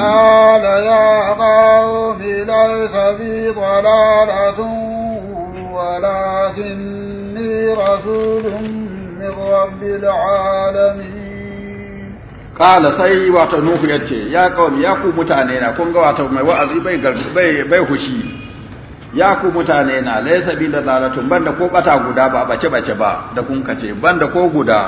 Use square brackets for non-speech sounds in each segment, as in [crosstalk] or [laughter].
قال يا قوم ليس بي ضلالة ولكني رسول من رب العالمين قال sai wato nuhu yace ya kawai ya ku mutane na kun ga wato mai wa'azi bai hushi ya ku mutane na laysa bi banda ko bata guda ba bace bace ba da kun kace banda ko guda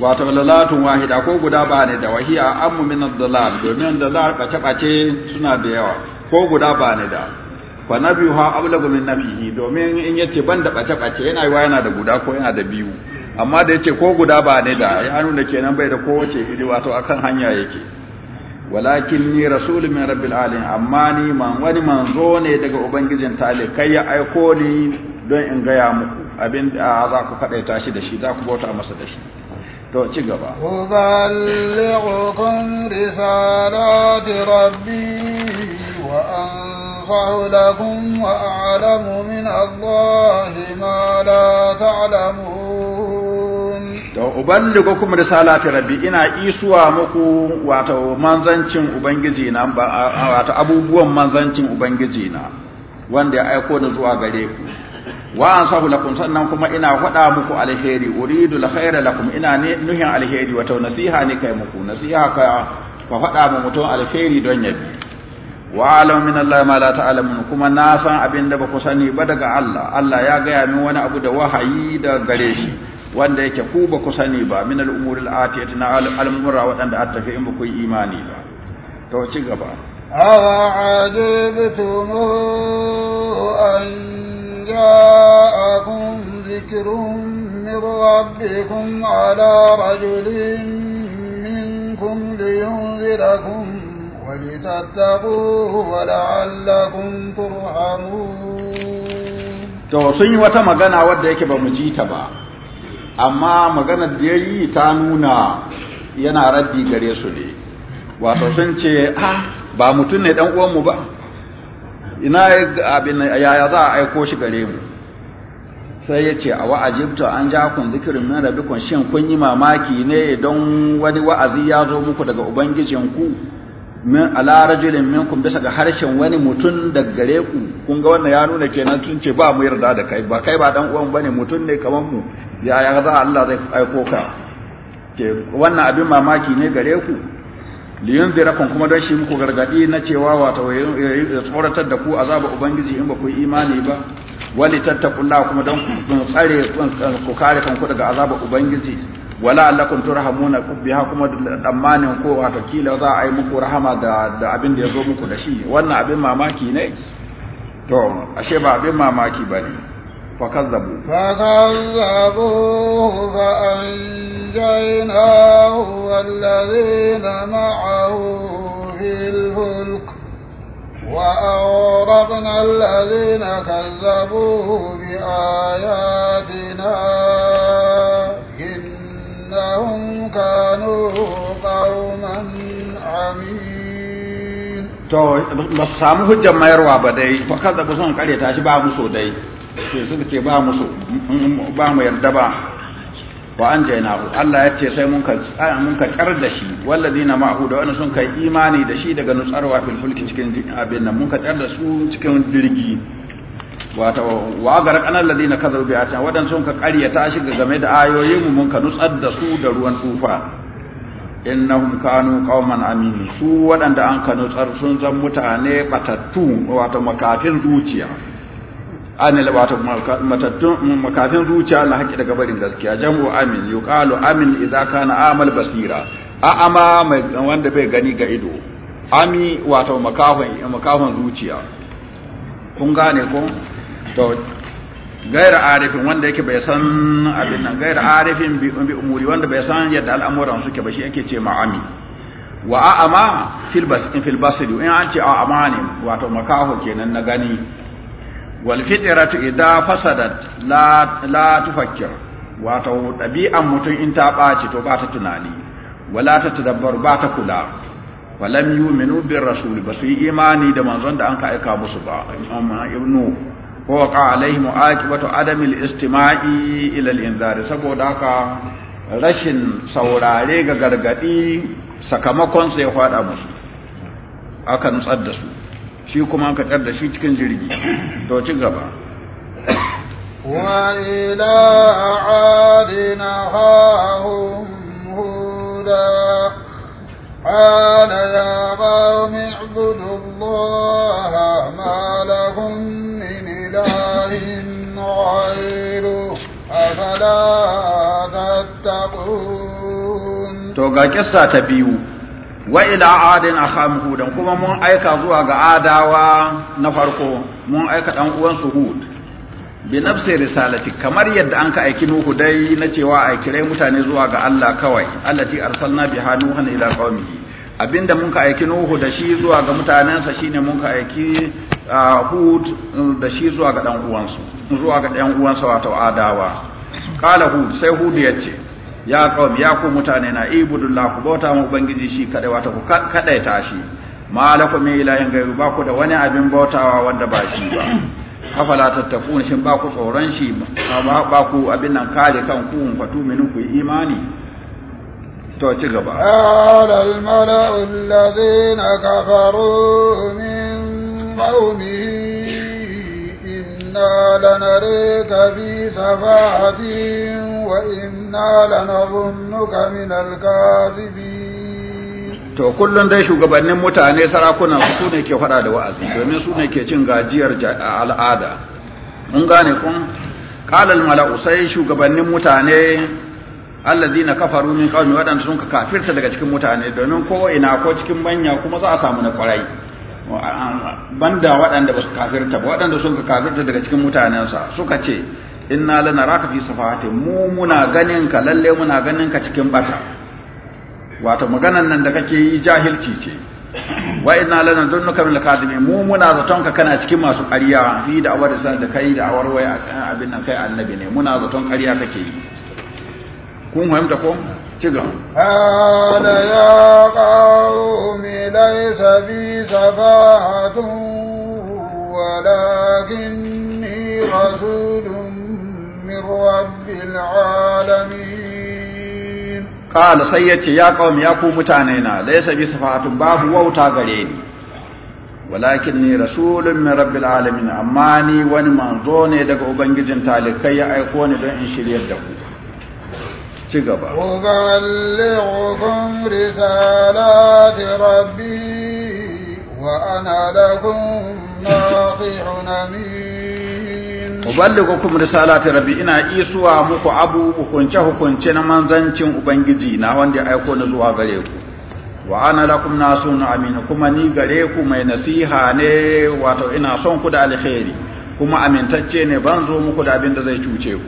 wato lalatun wahida ko guda ba ne da wahiya ammu min ad-dalal domin dalal ɓace-ɓace suna da yawa ko guda ba ne da fa nabiha ablagu min nafihi domin in yace ban da bace bace yana yi yana da guda ko yana da biyu amma da yace ko guda ba ne da ya nuna kenan bai da kowace iri wato akan hanya yake walakin ni rasulun min rabbil alamin amma ni man wani manzo ne daga ubangijin kai ya aiko ni don in gaya muku abin da za ku kadaita shi da shi za ku bauta masa da shi to ci gaba uballighukum risalati rabbi wa anfa'u lakum wa a'lamu min Allahi ma la ta'lamun to risalati rabbi ina isuwa muku wato manzancin ubangiji na wato abubuwan manzancin ubangiji na wanda ya aiko ni zuwa gare ku wa ansahu lakum sannan kuma ina faɗa muku alheri uridu alkhaira lakum ina nuhin alheri wato nasiha ne kai muku nasiha ka fa faɗa mu mutum alheri don yabi wa alam min Allah ma la ta'lamun kuma na san abin da ba ku sani ba daga Allah Allah ya gaya min wani abu da wahayi da gare shi wanda yake ku ba ku sani ba min al-umuri al-atiyati na al-umura wadanda attafi in ba ku imani ba to ci gaba أَوَعَجِبْتُمُ أَنْ جاءكم ذكر من ربكم على رجل منكم لينذركم ولتتقوا ولعلكم ترحمون to sun yi wata magana wadda yake ba mu ji ta ba amma maganar da yayi ta nuna yana raddi gare su ne wato sun ce ah ba mutum ne dan uwan mu ba ina abin yaya za a aiko shi gare mu sai ya ce a wa'ajibta an ja kun zikirin min rabbikum shin kun yi mamaki ne don wani wa'azi ya zo muku daga Ubangijin ku min ala rajulin minkum bisa ga harshen wani mutum daga gare ku kun ga wannan ya nuna kenan tun ce ba mu yarda da kai ba kai ba dan uwan bane mutum ne kaman mu yaya za Allah zai aiko ka ce wannan abin mamaki ne gare ku liyun zirafin kuma don shi muku gargadi na cewa wata tsoratar da ku azaba ubangiji in ba ku imani ba tattakun tattakulla kuma don tsare ku kare kanku daga azaba ubangiji wala allakum turhamuna biya kuma tsammanin ko wata kila za a yi muku rahama da abin da ya zo muku da shi wannan abin mamaki ne to ashe ba abin mamaki ba ne. فكذبوا فكذبوه فأنجيناه والذين معه في الفلك وأورقنا الذين كذبوا بآياتنا إنهم كانوا قوما عمين to ba su samu hujjar mayarwa ba dai ba kaza ba sun kare ta shi ba muso dai sai suka ce ba musu ba mu yarda ba wa an Allah ya ce sai mun ka tsaya mun ka tsar da shi walladina ma'hu da wannan sun kai imani da shi daga nutsarwa fil fulki cikin abin nan mun ka tsar da su cikin dirgi wato wa garak anan ladina kazabu bi wadan sun ka ta shi game da ayoyin mu mun ka nutsar da su da ruwan tufa innahum kanu qauman amini su wadanda an ka nutsar sun zan mutane batattu wato makafin zuciya anil wato matattun makafin zuciya na haƙi daga barin gaskiya jam'u amin yuqalu amin idza kana amal basira a ama mai wanda bai gani ga ido ami wato makafin makafin zuciya kun gane ko to gaira arifin wanda yake bai san abin nan gaira arifin bi umuri wanda bai san yadda al'amuran suke ba shi yake ce ma ami wa a'ama fil basri fil basri in an ce a'ama ne wato makaho kenan na gani wal fitratu fasadat la la tufakkir wato dabi'an mutum in ta ɓaci to ba ta tunani wala ta tadabbar ba ta kula walam yu'minu bir rasul ba su yi imani da manzon da an ka aika musu ba amma ibnu ko waqa alaihi aqibatu adami al istima'i ila al inzar saboda haka rashin saurare ga gargadi sakamakon sai ya fada musu aka nutsar da su shi kuma ka kar da shi cikin jirgi to ci gaba wa ya ba mi ibudu allah ma lahum min to ga kissa ta biyu wa ila adin akham hudan kuma mun aika zuwa ga adawa na farko mun aika dan uwan su hud bi nafsi risalati kamar yadda an ka aiki nuhu dai na cewa a kirai mutane zuwa ga Allah kawai allati arsalna biha nuhan ila qaumihi abinda mun ka aiki nuhu da shi zuwa ga mutanensa shine mun ka aiki hud uh, da shi zuwa ga dan uwansu zuwa ga dan uwansa wato adawa qala hud sai hud yace ya kawo ya ku mutane na ibudullah ku bauta mu ubangiji shi kadai wata ku ta shi ma lakum mai gairu ba ku da wani abin bautawa wanda ba shi ba afala tattaqun shin ba ku tsoron shi ba ku abin nan kare kan ku ku tuminu ku imani to ci gaba alal ladina kafaru min qaumihi إنا لنريك في سفاهة وإنا لنظنك من الكاذبين to kullun dai shugabannin mutane sarakunan su ne ke fada da wa'azi domin su ne ke cin gajiyar al'ada mun gane kun qalal mala'u sai shugabannin mutane allazina kafaru min qaumi wadanda sun ka kafirta daga cikin mutane domin ko ina ko cikin manya kuma za a samu na kwarai banda waɗanda ba su kafirta ba waɗanda sun ka kafirta daga cikin mutanensa suka ce inna lana raka fi safahatin mu muna ganin ka lalle muna ganin ka cikin bata wato maganan nan da kake yi jahilci ce wa inna lana dunnuka min al mu muna zaton ka kana cikin masu ƙarya fi da awar da kai da awar waya abin nan kai annabi ne muna zaton ƙarya kake yi kun fahimta ko ci gaba ya qaumi laysa bi safahatun walakinni rasulun alamin sai ya ya ku mutane na laysa safatun safahatun babu wauta gare ni ni rasulun min rabbil alamin amma ni wani manzo ne daga ubangijin talikai ya aiko ni don in shiryar da ku ci gaba uballighukum risalati rabbi wa rabbi ina isuwa muku abu hukunce hukunce na manzancin ubangiji na wanda aiko na zuwa gare ku wa ana lakum nasun amin kuma ni gare ku mai nasiha ne wato ina son ku da alkhairi kuma amintacce ne ban zo muku da abin da zai cuce ku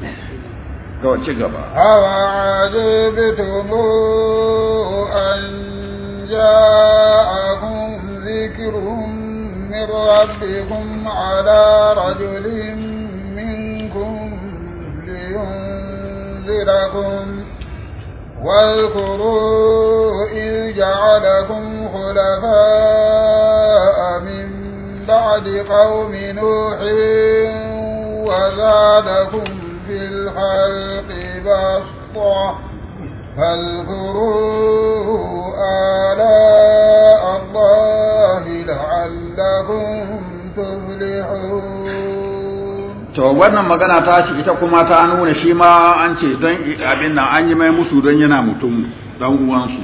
to ci gaba awa ajibtum an ja'akum dhikrun min rabbikum ala rajulin minkum liyunzirakum واذكروا إذ جعلكم خلفاء من بعد قوم نوح وزادكم في الخلق بسطة فاذكروا آلاء الله لعلكم to wannan magana ta shi ita kuma ta nuna shi ma an ce don abin nan an yi mai musu don yana mutum dan uwansu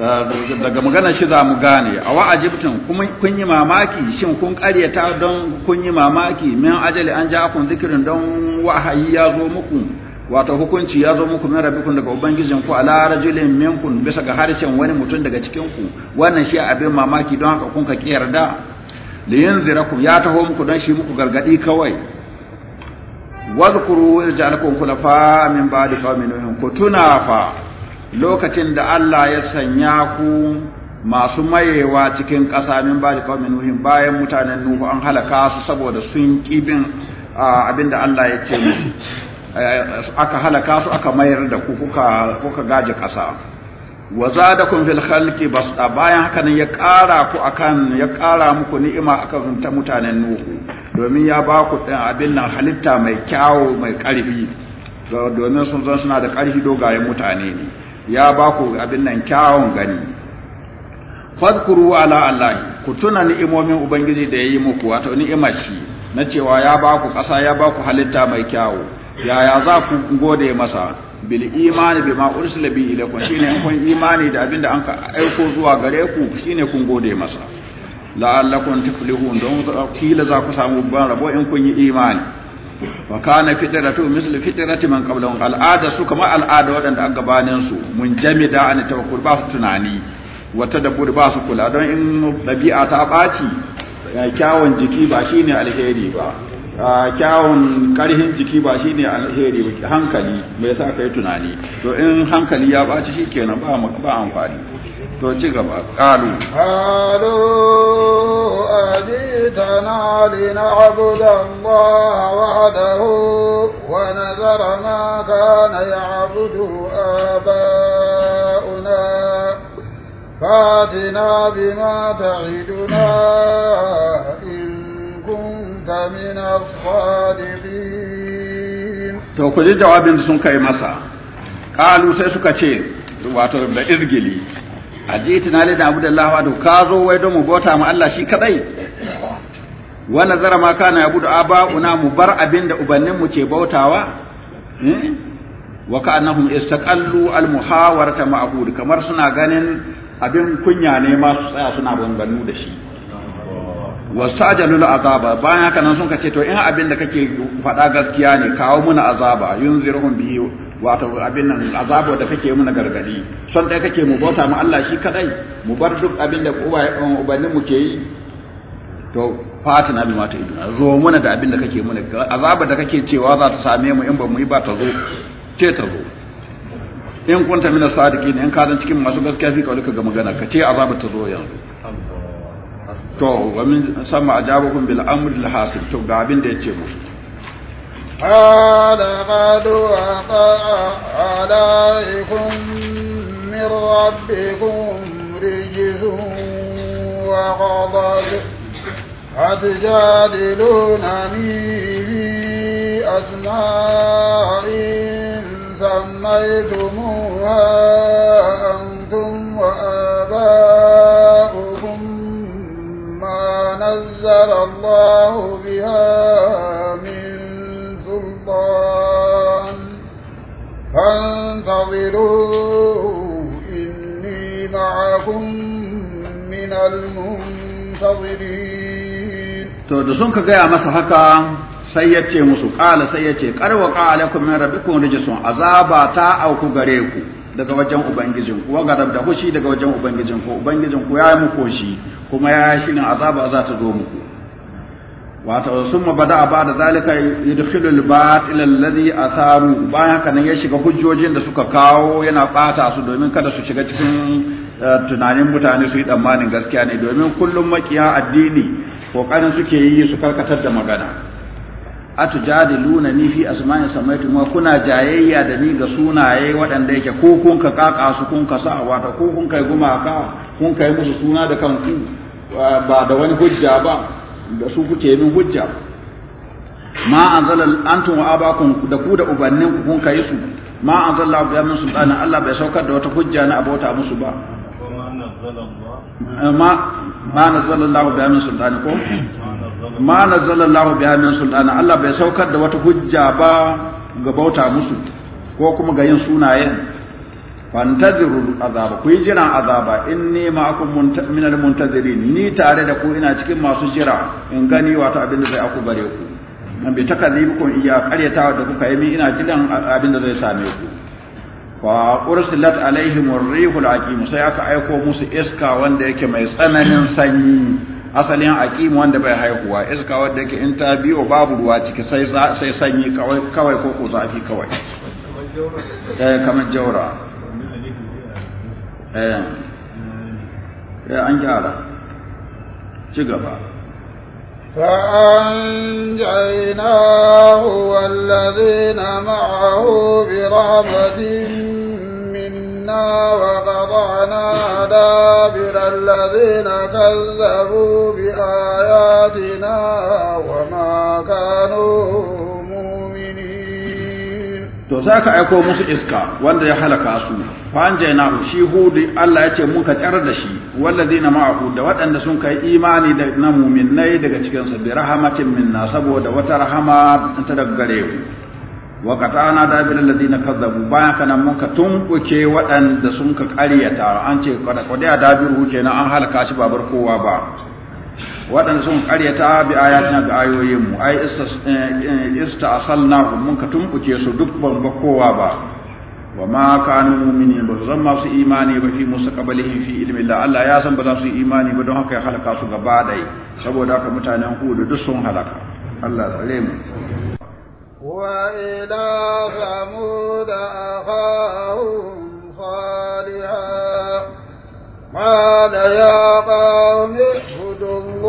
Eh, daga magana shi za mu gane a wa'ajibtun kun yi mamaki shin kun ƙaryata don kun yi mamaki min ajali an ja kun zikirin don wahayi ya zo muku wato hukunci ya zo muku min rabikun daga ubangijin ku ala rajulin minkum bisa ga harshen wani mutum daga cikin ku wannan shi abin mamaki don haka kun ka kiyarda li yanzirakum ya taho muku don shi muku gargadi kawai wadhkuru irja'alakum khulafa min ba'di qawmin nuh ku tuna fa lokacin da Allah ya sanya ku masu mayewa cikin ƙasa min ba da kawai nuhin bayan mutanen nuhu an halaka su saboda sun ƙibin abinda Allah ya ce eh, aka halaka su aka mayar da ku kuka gaji ƙasa wa kun fil basu basta bayan haka nan ya ƙara ku akan ya ƙara muku ni'ima akan ta mutanen nuhu domin ya ba ku ɗin eh, abin nan halitta mai kyawu mai ƙarfi domin sun zan suna da ƙarfi dogayen mutane ne ya ba ku abin nan kyawun gani fadkuru ala Allah ku tuna ni'imomin ubangiji da ya yi muku wato ni'imar shi na cewa ya ba ku ƙasa ya ba ku halitta mai kyawu yaya za ku gode masa bil imani bi ma ursila bi ilaykum shine kun imani da abinda an ka aiko zuwa gare ku shine kun gode masa la'allakum tuflihun don kila za ku samu ban rabo in kun yi imani wa kana fitratu mislu fitrati man qablahum al'ada su kama al'ada wadanda an gabanin su mun jamida an tawakkul ba su tunani wata dabbur ba su kula don in dabi'a ta baci kyawun jiki ba shine alheri ba kyawun karhin jiki ba shine alheri ba hankali mai sa kai tunani to in hankali ya baci shikenan ba ba amfani to ci gaba qalu qalu aditana lina'budu wahdahu wa nazara ma kana ya'budu aba'una fatina bima ta'iduna in kunta min as-sadiqin to ku ji jawabin sun kai masa qalu sai suka ce wato da izgili ajitna nale da abdullahi wa ka zo wai don mu bauta mu Allah shi kadai wa nazara ma kana Aba una mu bar abinda ubannin mu ke bautawa eh? wa annahum istaqallu al-muhawarata ma'bud kamar suna ganin abin kunya ne ma su tsaya suna banganu da shi wastajalu azaba bayan haka nan sun ka ce to in abin da kake faɗa gaskiya ne kawo muna azaba yunziruhum bihi wato abin nan azabo da kake yi na gargadi son dai kake mu bauta mu Allah shi kadai mu bar duk abin da um, ubannin mu ke yi to fatina bi mata iduna zo muna da abin da kake muna azaba da kake cewa za ta same mu in ba mu yi ba ta zo ce ta zo in kunta mina sadiqin in ka dan cikin masu gaskiya fi kawai ga magana ka ce azaba ta zo yanzu to wa min sama ajabukum bil amri al hasib to ga abin da yake musu قال قد وقع عليكم من ربكم رجز وغضب أتجادلونني في أسماء سميتموها أنتم وآباؤكم ما نزل الله بها من الشيطان فانتظروا إني معكم من المنتظرين to da sun ka gaya masa haka sai ya ce musu ƙala sai ya ce ƙarwa ƙalakun min rabbikum rijsun azaba ta auku gare ku daga wajen ubangijin ku wagarab da hushi daga wajen ubangijin ku ubangijin ku ya yi muku shi kuma ya shi azaba za ta zo muku wato sun mabada ba da zalika yudkhilu al-batil alladhi atharu bayan haka nan ya shiga hujjojin da suka kawo yana bata su domin kada su shiga cikin eh, tunanin mutane su yi tsammanin gaskiya ne domin kullum makiya addini kokarin suke yi su karkatar da magana atujadiluna ni fi asma'i samaitu ma kuna jayayya da ni ga sunaye waɗanda yake ko kun ka kaka su kun ka sa wata ko kun kai gumaka kun kai musu suna da kanku ba da wani hujja ba da su kuke yi hujja ma anzalal antum wa abakum da ku da ubannin ku kun kai su ma anzalla bi min sultana Allah bai saukar da wata hujja na abota musu ba ma eh, ma nazzala Allah bi min sultana ko ma nazzala Allah bi min sultana Allah bai saukar da wata hujja ba ga bauta musu ko kuma ga yin sunayen fantaziru azaba ku yi jiran azaba in ne ma'akun minal muntaziri ni tare da ku ina cikin masu jira in gani wato abin da zai aku bare ku bi ku iya karyatawa da kuka yi min ina jiran abin da zai same ku fa ursilat alaihim ar-rihul aqim sai aka aiko musu iska wanda yake mai tsananin sanyi asalin aqim wanda bai haihuwa iska wanda yake in ta biyo babu ruwa ciki sai sai sanyi kawai kawai ko ko zafi kawai eh, kamar jaura eh an gyara ci gaba فأنجيناه والذين معه برحمة منا وقطعنا دابر الذين كذبوا بآياتنا وما كانوا to za ka aiko musu iska wanda ya halaka su fanje na shi hudu Allah ya ce ka tsar da shi wallazi na ma'ahu da waɗanda sun kai imani da na muminai daga cikin su bi rahamatin minna saboda wata rahama ta daga gare ku wa qata'na bil ladina kazzabu bayan kana muka tumbuke waɗanda sun ka ƙaryata an ce kada kodai dabiru kenan an halaka shi babar kowa ba waɗanda sun ƙaryata bi ayatina ga ayoyinmu ai eh, eh, ista asalna mun ka tumbuke su duk ban ba kowa ba wa ma kanu mu'minin ba zan masu imani ba fi musu mustaqbalihim fi ilmi Allah Allah ya san ba za su imani ba don haka ya halaka su gaba dai saboda haka mutanen da duk sun halaka Allah tsare mu وإلى ثمود ma da قال يا قوم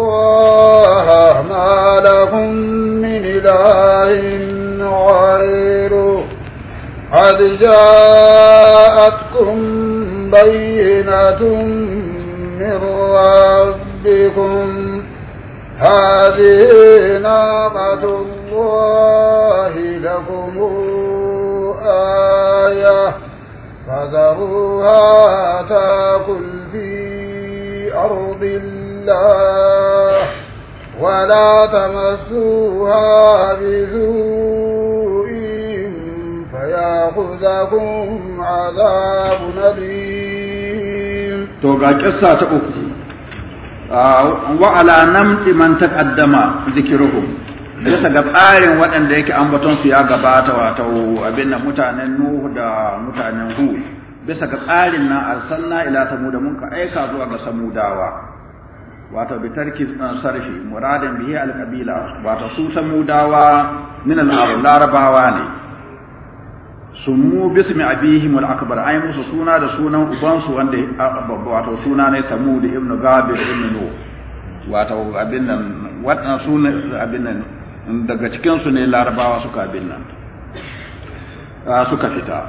الله ما لهم من إله غيره قد جاءتكم بينة من ربكم هذه نعمة الله لكم آية فذروها تاكل في أرض الله الله ولا تمسوها بسوء فياخذكم عذاب أليم توقع قصة أخرى وعلى نمت من تقدم ذكرهم bisa ga tsarin waɗanda yake ambatonsu ya gabata wato abin da mutanen Nuhu da mutanen Hud bisa ga tsarin nan arsalna ila samuda mun ka aika zuwa ga samudawa wato bi tarki eh, sarfi muradan bihi al qabila wato su samudawa min al arab larabawa ne sumu bismi abihim al akbar ay musu suna da sunan ubansu wanda eh, wato suna ne samud ibn gabir ibn nu wato abin nan wato suna abin nan daga cikin su ne larabawa suka abin nan eh, suka fita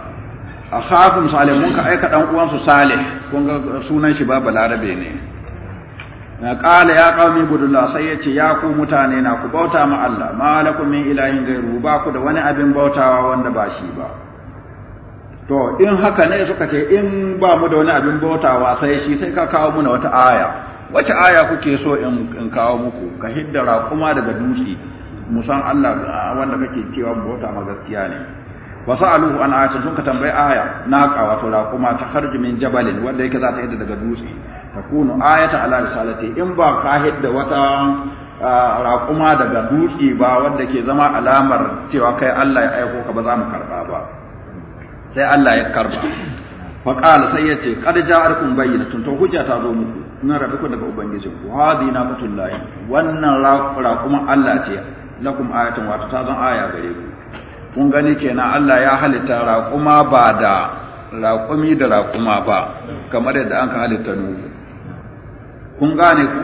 akhakum salih mun ka aika dan uwansu salih kun ga sunan shi babu Larabe ne qala ya qaumi gudula sai ya ce ya ku mutane na ku bauta ma Allah ma lakum min ilahin gairu ba ku da wani abin bautawa wanda ba shi ba to in haka ne suka ce in ba mu da wani abin bautawa sai shi sai ka kawo muna wata aya wace aya kuke so in kawo muku ka hiddara kuma daga dutse san Allah wanda kake cewa bauta ma gaskiya ne sa'aluhu an ayatin sun ka tambayi aya naqa wato kuma ta kharju min jabalin wanda yake za ta yadda daga dutse takunu ayatan ala risalati in ba ka hidda wata raƙuma daga dutse ba wanda ke zama alamar cewa kai Allah ya aiko ka ba za mu karba ba sai Allah ya karba fa qala sai yace qad ja'arkum bayyinatun to hujja ta zo muku ina rabe ku daga Ubangiji, ku hadi na mutullahi wannan raƙuma Allah ce lakum ayatan wa ta zan aya gare ku kun gani kenan Allah ya halitta raƙuma ba da raƙumi da raƙuma ba kamar yadda an ka halitta nuhu kun gane ku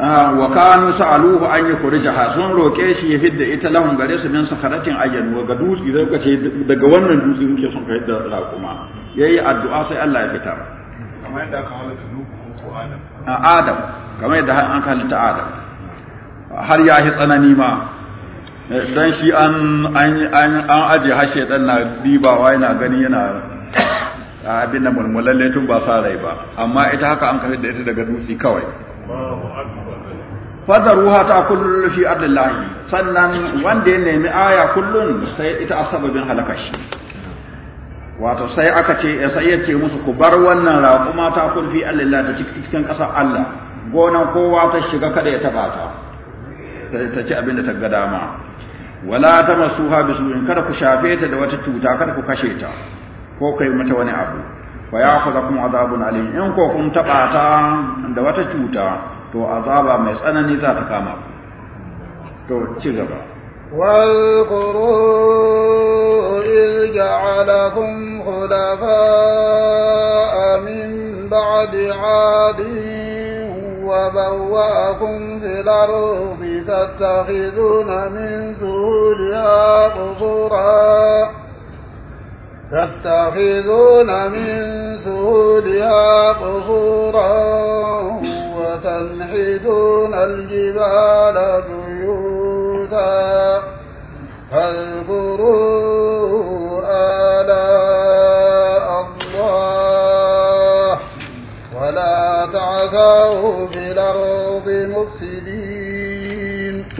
ah, wa kanu sa'aluhu an yukhrijaha sun roke shi ya fidda ita lahum gare su min sakaratin ayyan wa ga dutsi da ce daga wannan dutsi muke son ka yadda raƙuma yayi addu'a sai Allah ya fitar kamar yadda aka halatta ko Adam ah, Adam kamar yadda an halatta Adam har ya yi tsanani ma dan shi an an an aje har shedan na bibawa yana gani yana abin da mulmulalle tun ba sa rai ba amma ita haka an kafin da ita daga dutse kawai ruha ta kullu fi ardillahi sannan wanda ya nemi aya kullun sai ita asababin halakashi. wato sai aka ce sai ya ce musu ku bar wannan raƙuma ta kullu fi ardillahi ta cikin ƙasa Allah gonan kowa ta shiga kada ya taba ta ta ci abin da ta ga dama wala ta masuha bisu in kada ku shafe ta da wata cuta kada ku kashe ta Ko kai mata wani abu. Wa ya kula kuma a zabun Aliyu? Yan kofun taɓa ta da wata cuta. To azaba mai tsanani za ta kama. To cigaba. Wal kuro, irge al'adun ku amin bacdi cajin waɓarwa kun fi da roƙi, sassaƙi zunami, su hudiya ku تتخذون من سهولها قصورا وتنحتون الجبال بيوتا فاذكروا آلاء الله ولا تعثوا في الأرض مفسدين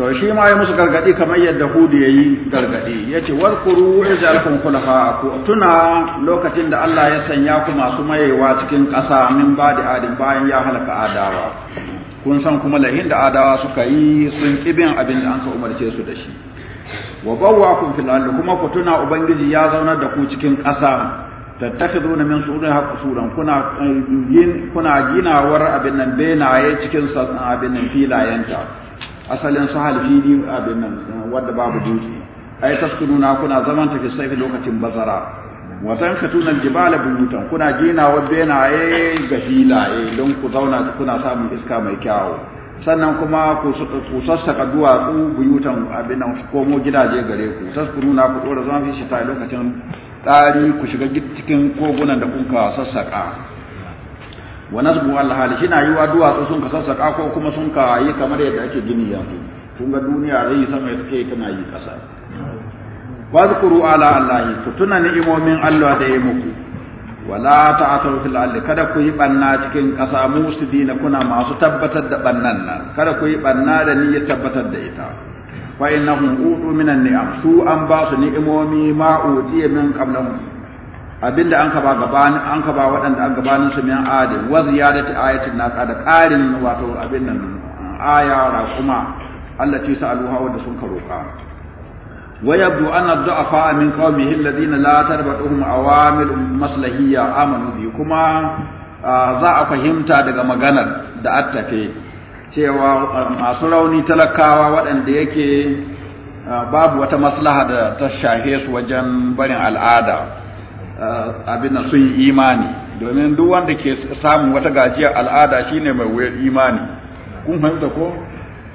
to shi ma ya musu gargadi kamar yadda hudu ya yi gargadi ya ce warkuru ya alkum kulafa ku tuna lokacin da Allah ya sanya ku masu mayewa cikin ƙasa min ba da adin bayan ya halaka adawa kun san kuma lahin da adawa suka yi sun kibin abin da an umarce su da shi wa bawwa fil ardi kuma ku tuna ubangiji ya zauna da ku cikin ƙasa tattakhiduna min surin haqu suran kuna yin eh, kuna ginawar abin nan benaye cikin abin nan filayenta asalin su halifi fili abin nan wanda babu dinki ai taskununa kuna zaman take sai lokacin bazara wa tunan jibala buyutan kuna gina wa benaye ga filaye don ku zauna kuna samun iska mai kyawu sannan kuma ku sassaka duwatsu buyutan abin nan komo gidaje gare ku taskununa ku dora zaman fi shi ta lokacin tsari ku shiga cikin kogunan da kuka ka sassaka wa nasbu al hal shi na yi wa duwatsu sun ka sassaka ko kuma sun ka yi kamar yadda ake gini ya yanzu kun ga duniya zai sama ya take tana yi kasa zkuru ala allahi ku tuna ni'imomin Allah da ya muku wala ta'tharu fil al kada ku yi banna cikin kasa musidina kuna masu tabbatar da bannan nan kada ku yi banna da ni ya tabbatar da ita fa innahum utu minan ni'am su an ba su ni'imomi ma utiya min qablahum abinda an ka ba gaban an ka ba waɗanda an gabanin su min adi wa ziyadati ayatin naqa da qarin wato abin nan aya ra kuma allati sa'aluha wa sun karoka wa yabdu anna du'afa min qaumihi alladhina la tarbatuhum awamil maslahiyya amanu bi kuma za a fahimta daga maganar da attafe cewa masu rauni talakawa waɗanda yake babu wata maslaha da ta shahe su wajen barin al'ada Eh, abin da sun yi imani domin duk wanda ke samun wata gajiya al'ada shine mai wuyar imani kun fahimta ko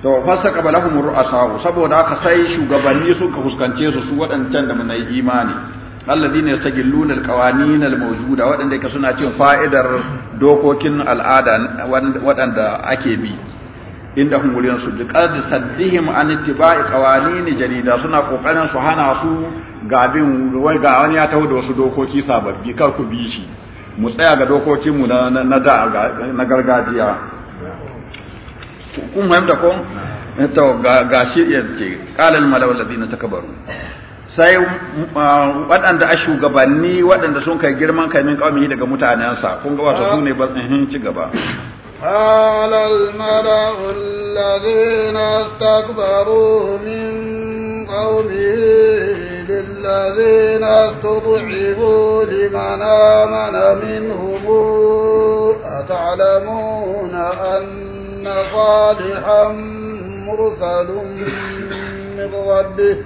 to fasaka balahum ru'asa saboda aka sai shugabanni ka fuskance su su waɗancan da mun imani alladhina gilluna alqawanin almawjuda waɗanda ke suna cin fa'idar dokokin al'ada waɗanda ake bi inda hun guri su duka da saddihim an ittiba'i qawalin jarida suna kokarin su hana su ga bin ga wani ya taho da wasu dokoki sababbi kar ku bi shi mu tsaya ga dokokin na na gargajiya kun fahimta ko to ga shi yace qala al malawal ladina takabaru sai uh, waɗanda a shugabanni waɗanda sun kai girman kai min kawai daga mutanensa kun ga su ne ba eh, ci gaba قال الملأ الذين استكبروا من قومه للذين استضعفوا لمن آمن منهم أتعلمون أن صالحا مرسل من ربه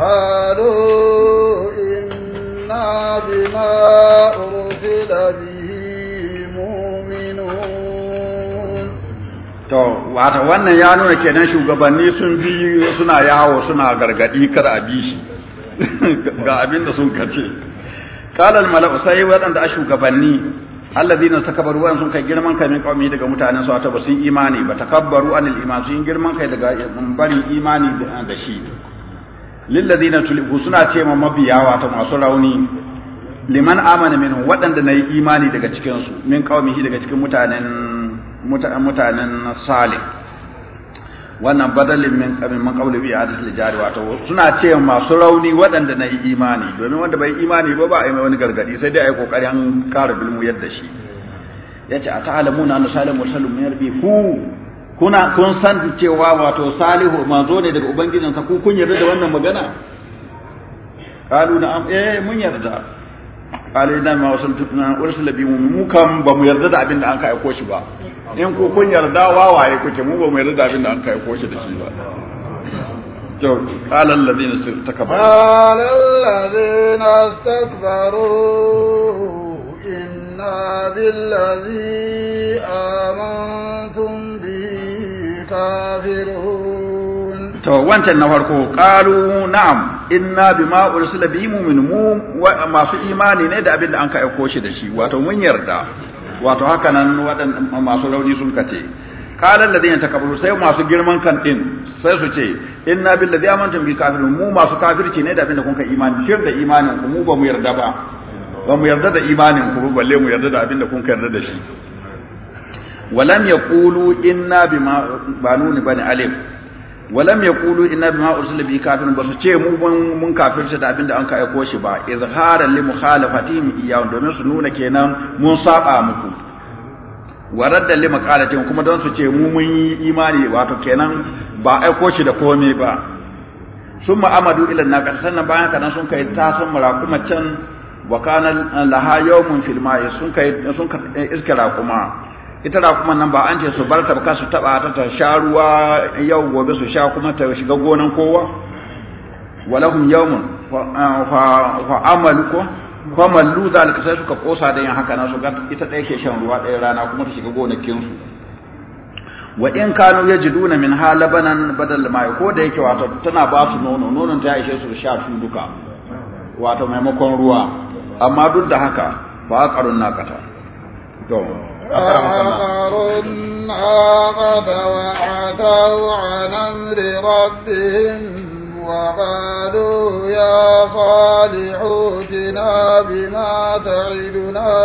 قالوا إنا بما أرسل به to wata wannan ya nuna kenan shugabanni sun bi suna yawo suna gargadi kar a bi shi [laughs] ga abin da sun kace qala mala'u sai wadanda a shugabanni alladhina takabaru wa sun kai girman kai min qaumi daga mutanen su ta basu imani ba takabaru anil iman sun girman kai daga bari imani da shi na tulibu suna ce ma mabiya wata masu rauni liman amana waɗanda wadanda nayi imani daga cikin su min qaumi daga cikin mutanen mutanen salih wannan badalin min kamin makaulu qawli bi adil jari wato suna ce masu rauni waɗanda na yi imani domin wanda bai imani ba ba a yi wani gargadi sai dai a yi kokari an kara bilmu yadda shi yace a na anna salihu mursalun min ku kuna kun san cewa wato salihu manzo ne daga ubangijinsa ku kun yarda da wannan magana qalu na'am eh mun yarda na ma wasu na ursila bi mu kam ba mu yarda da abin da an ka aiko shi ba in ku kun yarda wawaye kuke mu ba mu yarda abin da an kai shi da shi ba to qala alladhina istakbaru qala alladhina istakbaru inna billadhi amantum bi kafirun to wancan na farko qalu na'am inna bima ursila bi mu'min mu masu imani ne da abin da an kai shi da shi wato mun yarda wato haka nan waɗanda masu rauni sun kace da zai takabbaru sai masu girman kan din sai su ce inna billazi amantum bi kafirun mu masu kafirci ne da da kun ka imani shir da imanin ku mu ba mu yarda ba ba mu yarda da imanin ku balle mu yarda da da kun ka yarda da shi walam yaqulu inna bima banuni bani alim walam yaqulu inna bima ursila bi ba basu ce mu mun mun kafirta da abinda an ka aiko shi ba izharan li mukhalafatihim iyyahu domin su nuna kenan mun saba muku wa raddan li maqalatin kuma don su ce mu mun yi imani wato kenan ba aiko shi da komai ba summa amadu ila naqas sannan bayan kana sun kai ta sun murakuma can wa kana laha yawmun fil ma'i sun kai sun iskara kuma ita da kuma nan ba an ce su bar tabka su taba ta ta sha ruwa yau gobe su sha kuma ta shiga gonan kowa walahum yawmun fa amalukum fa mallu zalika sai suka kosa da yin haka na su ga ita ɗaya ke shan ruwa ɗaya rana kuma ta shiga gonakin su wa in kanu yajiduna min halabanan badal ma ko da yake wato tana ba su nono nonon ta ya ishe su sha su duka wato maimakon ruwa amma duk da haka ba aqarun naqata to نار عقد وعتوا عن أمر ربهم وقالوا يا صالح ائتنا بما تعدنا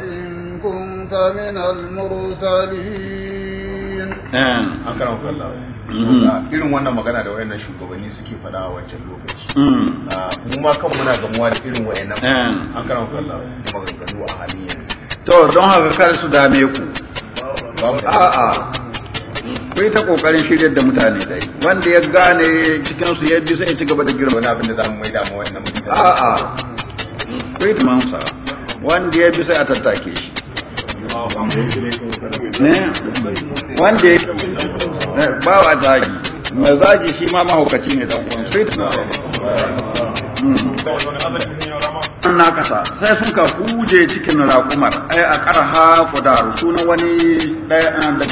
إن كنت من المرسلين irin wannan magana da wayannan shugabanni suke faɗa a wancan lokaci mu ma kan muna gamuwa da irin wayannan an karanta Allah maganganu a halin yanzu to don haka kar su dame ku a'a kai ta kokarin shiryar da mutane dai wanda ya gane cikin su ya bi sai ci gaba da girma na abin da zamu mai da mu wannan a'a kai ta mamsa wanda ya bi sai a tattake shi wanda ya eh, ba wa zagi mai zagi shi ma mahaukaci ne da uwan sai ta mamsa hmm. an na kasa sai sun ka huje cikin raƙumar ai a ƙarha da sunan wani ɗaya an na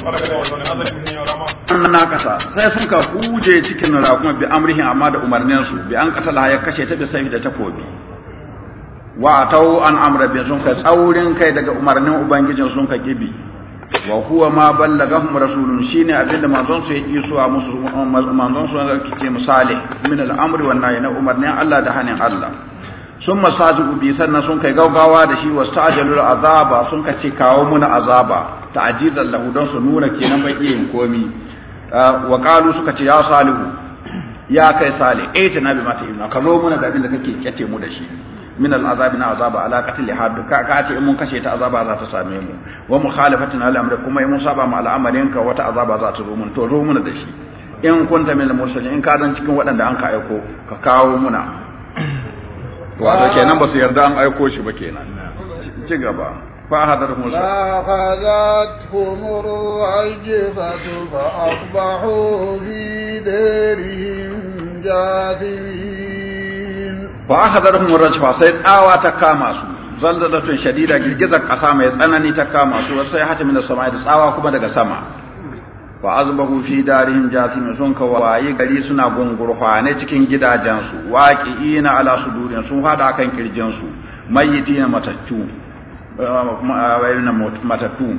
kasa sai sun ka huje cikin raƙumar bi amrihin amma da umarninsu bi an kasa ya kashe ta sai da takobi wa tau an amra bi sun ka tsaurin kai daga umarnin ubangijin sun ka gibi wa huwa ma ballagahum rasulun shine abinda manzon su ya a musu manzon su ya ce misali min al-amri wan nahyi na umarnin Allah da hanin Allah sun masazu bi sannan sun kai gaugawa da shi wasu ta'ajalul azaba sun ka ce kawo muna azaba ta ajizar don su nuna kenan bai iya yin komi ah, wa kalu suka ce ya salihu ya kai sale ta nabi mata ibnu ka zo muna da da kake kyace mu da shi min al'azabi na azaba ala qatl hadd ka ka ce in mun kashe ta azaba za ta same mu wa al amr kuma in mun saba ma al'amarin ka wata azaba za ta zo mun to zo muna da shi in kunta min al-mursalin in ka dan cikin waɗanda an ka aiko ka kawo muna wato kenan ba su yarda an aiko shi ba kenan ci gaba فأخذتهم فأخذتهم الرجفة فأصبحوا في دارهم جاثمين فأخذتهم الرجفة سيد آوى تكاما زلزلة شديدة girgizar ƙasa mai tsanani ta kama su wasu ya min da sama da tsawa kuma daga sama wa azbahu fi darihim jathim sun ka waye gari suna gungurhwane cikin gidajensu waqi'ina ala sudurin sun hada kan kirjinsu mayyitina matattu matattu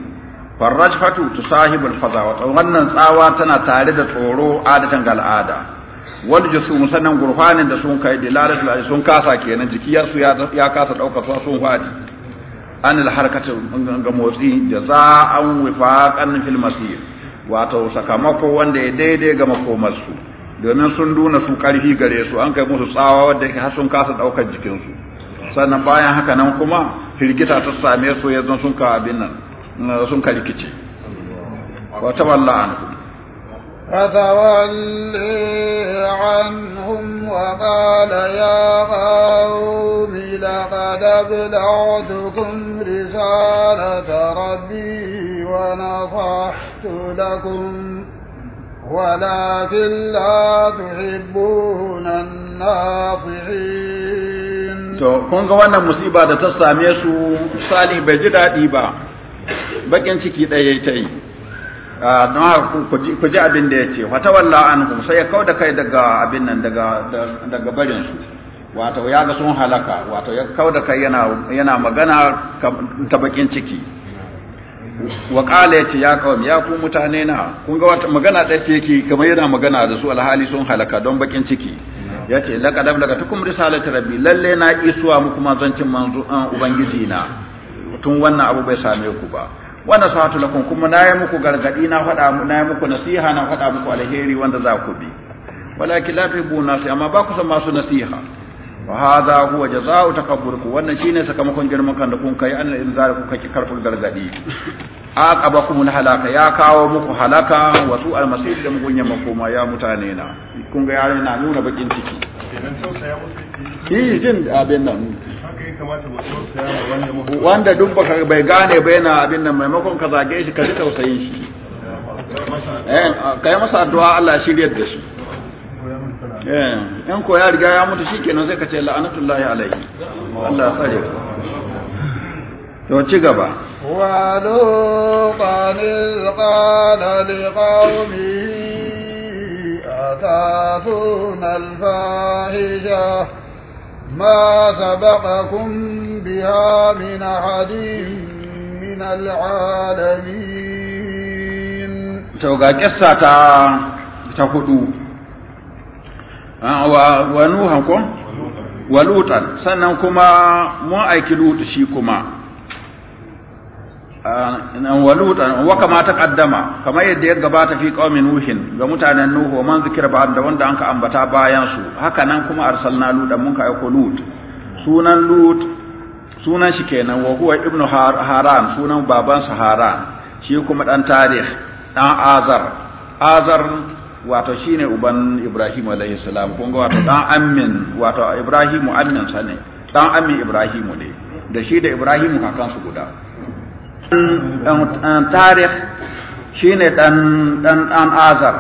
farrajhatu tusahibu wa wannan tsawa tana tare da tsoro adatan gal'ada wal jusum sannan gurfanin da sun kai dilalatul sun kasa kenan jikiyar su ya kasa daukar su sun fadi an alharkatu ga motsi jaza'an wifaqan fil masir wato sakamako wanda ya daidai ga makomarsu domin sun duna su karfi gare su an kai musu tsawa wadda yake hasun kasa ɗaukar jikinsu sannan bayan haka nan kuma firgita ta same su ya zan sun ka abin nan eh, sun ka rikice wa ya anhum فتولي عنهم وقال يا قوم لقد ابلغتكم رسالة ونصحت لكم ولكن لا تحبون الناصحين to kun ga wannan musiba da ta same su Sali bai ji dadi ba bakin ciki ɗaya ta yi don haka ku ji abin da ya ce wata walla an sai ya kauda da kai daga abin nan daga barin su wato ya ga sun halaka wato ya kauda da kai yana magana ta bakin ciki wa qala yace ya kawam ya ku mutane na kun ga wata magana da ce yake kamar yana magana da su alhali sun halaka don bakin ciki yace laqad ablagatukum risalati rabbi lalle na isuwa muku mazancin manzo an ubangiji na tun wannan abu bai same ku ba wa nasatu lakum kuma nayi muku gargadi na faɗa mu nayi muku nasiha na faɗa muku alheri wanda za ku bi walakin lafi na nasiha amma ba ku san masu nasiha wa hadha huwa jazaa'u takabburku wannan shine sakamakon girman kan da kun kai an zara kuka ki karfin gargadi aqabakum halaka ya kawo muku halaka wa su al masir da mun ya makoma ya mutane na kun ga yaro na nuna bakin ciki eh jin abin nan wanda duk baka bai gane ba yana abin nan maimakon ka zage shi ka ji tausayin shi eh kai masa addu'a Allah shirye da shi Yan eh, ko ya riga ya mutu shikenan sai ka ce la'anatullahi alayhi Allah ya tsare to ci gaba wa qanil qala liqaumi atatuna fahija ma sabaqakum biha min hadin min alamin to ga kissa ta ta hudu Ah, wa nuhan ko wa sannan kuma mun aiki lutu shi kuma ah, wa lutan wa kama ta kaddama kamar yadda ya gabata fi qaumin nuhin ga mutanen nuhu wa man zikira ba da wanda anka ambata bayan su haka nan kuma arsalna lutan mun ka aiko lut sunan lut sunan shi kenan wa huwa ibnu haran sunan babansa haran shi kuma dan tarih dan azar azar wato shine uban Ibrahim alaihi salam kun ga wato dan ammin wato Ibrahim annan sa ne dan ammin Ibrahim ne da shi da Ibrahim kakan su guda dan tarikh shine dan dan dan Azar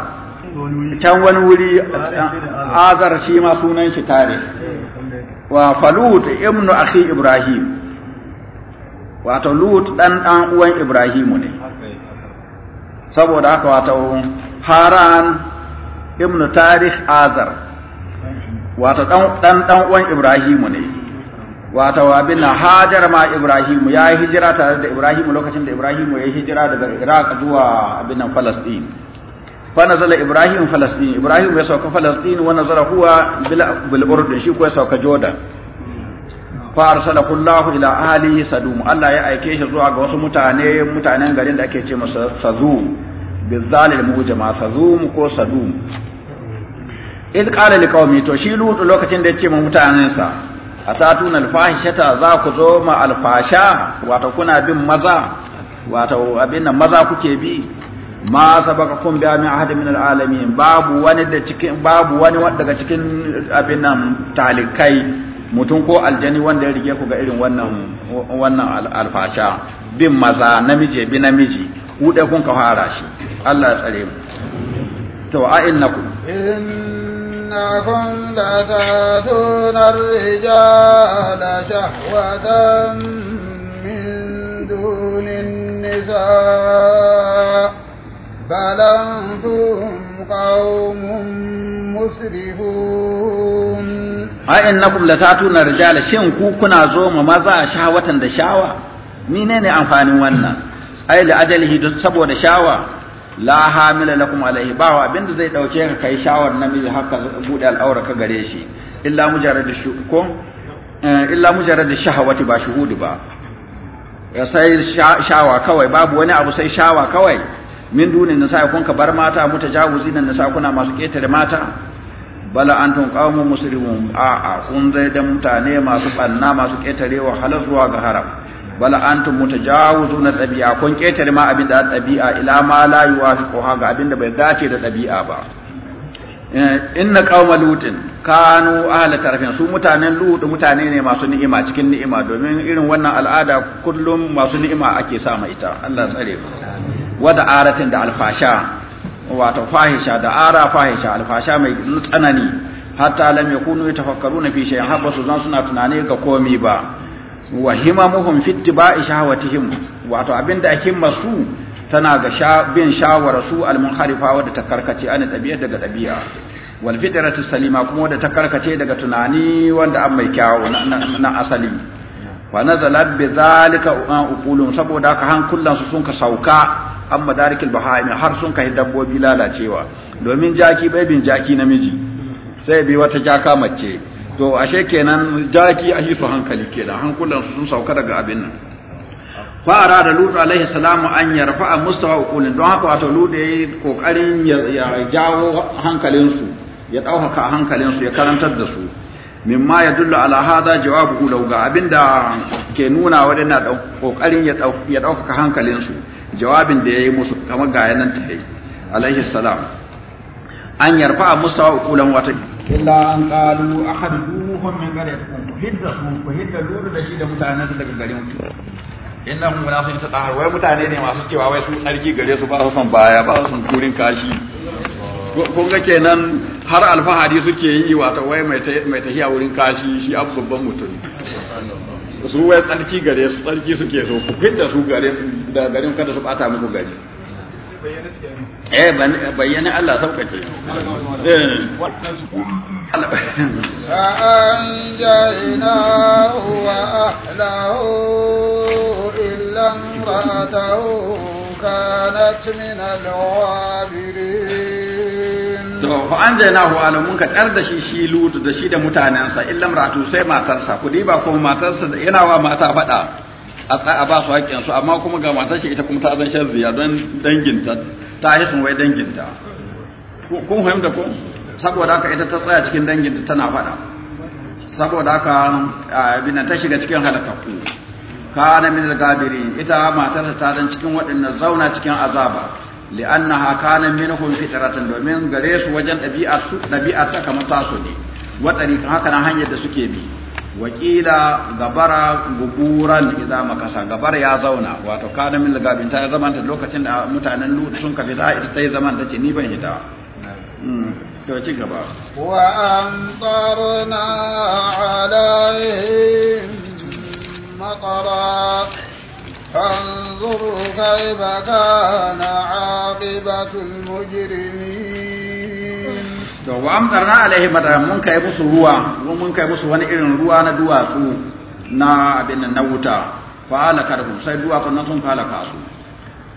can wani wuri Azar shi ma sunan shi tarikh wa Falut ibnu akhi Ibrahim wato Lut dan dan uwan Ibrahim ne saboda haka wato Haran ibn tarih azar wato dan dan uwan ibrahimu ne wato abin hajar ma ibrahimu ya yi hijira tare da ibrahimu lokacin da ibrahimu ya yi hijira daga iraq zuwa abin nan falastin fa nazala ibrahim falastin ibrahim ya sauka falastin wa nazara huwa bil urdun shi ko ya sauka jordan fa arsalahu allah ila ahli sadum allah ya aike shi zuwa ga wasu mutane mutanen garin da ake ce masa sadum bizalil mujama sazum ko sadum id qala liqaumi to shi lutu lokacin da yace mu mutanen sa atatuna alfahishata za ku zo ma alfasha wato kuna bin maza wato abin nan maza kuke bi ma sabaqakum bi amin min alalamin babu wani da cikin babu wani daga cikin abin nan talikai mutum ko aljani wanda ya rige ku ga irin wannan wannan alfasha bin maza namiji bi namiji ku dai kun ka fara shi Allah ya tsare mu to a innakum innakum la tatuna ar-rijala shahwatan min dunin nisa bal antum qaumun musrifun a innakum la tatuna ar-rijala shin ku kuna zo ma maza shahwatan da shawa menene amfanin wannan ai da ajalihi duk saboda shawa la hamila lakum alaihi ba wa abinda zai dauke ka kai shawar namiji haka bude al'aura ka gare shi illa mujarrad shukum eh, illa mujarrad shahawati ba shuhudi ba ya sai shawa kawai babu wani abu sai shawa kawai min dunin nisa kun ka bar mata mutajawizin nisa kuna masu ketare mata bala antum qaumun muslimun a a kun zai da mutane masu banna masu ketarewa halal zuwa ga haram bala antum mutajawizuna tabi'a kun ketare ma abin da tabi'a ila ma la yuwafiqu ga abin da bai dace da tabi'a ba eh, inna qauma lutin kanu ahla tarfin su mutanen lutu mutane ne masu ni'ima cikin ni'ima domin irin wannan al'ada kullum masu ni'ima ake sa ma ita Allah tsare mu wada aratin da alfasha wato fahisha da ara fahisha alfasha mai tsanani hatta lam yakunu yatafakkaruna fi shay'in habasu su zan suna tunani ga komi ba wa himamuhum fi ittiba'i shahawatihim wato abinda himma su tana ga bin shawara su al-munharifa wadda ta karkace an daga tabiya wal fitratu salima kuma wadda ta karkace daga tunani wanda an mai kyawu na asali wa nazalat bi zalika uh, uqulum saboda ka hankulan su sun ka sauka an madarikil bahaim har sun ka dabbobi lalacewa domin jaki bai bin jaki namiji sai bi wata jaka mace to ashe kenan jaki a su hankali ke da hankulan sun sauka daga abin nan fa da lutu alaihi salamu an yarfa mustawa uqulin don haka wato lutu yi kokarin ya jawo hankalinsu ya ɗaukaka hankalinsu ya karantar da su ya yadullu ala hada ku lauga ga da ke nuna waɗanda kokarin ya ɗaukaka hankalinsu jawabin da ya yi musu kamar ga yanan yi alaihi salam an yarfa mustawa uqulan wata illa an qalu ahaduhum min qaryatin hidda su ko hidda lulu da shi da mutanen su daga garin ku innahum munafiqun sadahar wai mutane ne masu cewa wai su tsarki gare su ba su son baya ba su son turin kashi kun ga kenan har alfahari suke yi wata wai mai tahiya wurin kashi shi abu babban mutum su wai tsarki gare su tsarki suke so ku hidda su gare da garin kada su bata muku gari eh bayyana Allah sauƙaƙe فأنجيناه وأهله إلا امرأته كانت من الغابرين فأنجيناه وأهله منك ترد shi, شي لوط da shi da mutanensa illan ratu sai matarsa ku diba kuma matarsa yana wa mata faɗa a ba su haƙƙin su amma kuma ga matar shi ita kuma ta zan shan ziya don danginta ta yi sun wai danginta kun fahimta ko saboda haka ita ta tsaya cikin danginta tana faɗa saboda haka abin ta shiga cikin halakakku kana min al ita matar ta dan cikin waɗannan zauna cikin azaba li'annaha kana minhum fitratan domin gare su wajen ɗabi'ar su ta kamar tasu ne kan haka nan hanyar da suke bi Waƙila gabara guburan idza makasa gabar ya zauna wato kana min lagabin ta zaman ta lokacin da mutanen lut sun kafi da ita ta zaman ce ni ban hita hmm, to ci gaba wa antarna alaihim matara فانظر كيف كان عاقبة المجرمين to wa amtarna alaihi madara mun kai musu ruwa mun kai musu wani irin ruwa na duwatsu na abin na wuta fa alakarhum sai duwatsu nan sun halaka su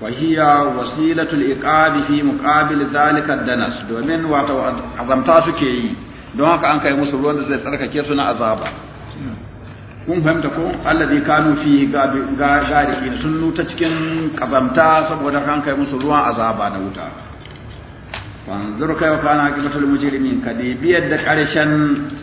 wa hiya wasilatul iqabi fi muqabil zalika danas domin wato azamta suke yi don haka an kai musu ruwan da zai tsarkake su na azaba kun fahimta ko alladhi kanu fi gari sun nuta cikin kazamta saboda kan kai musu ruwan azaba na wuta wanzur kai wa kana aqibatul mujrimin kadibi yadda karshen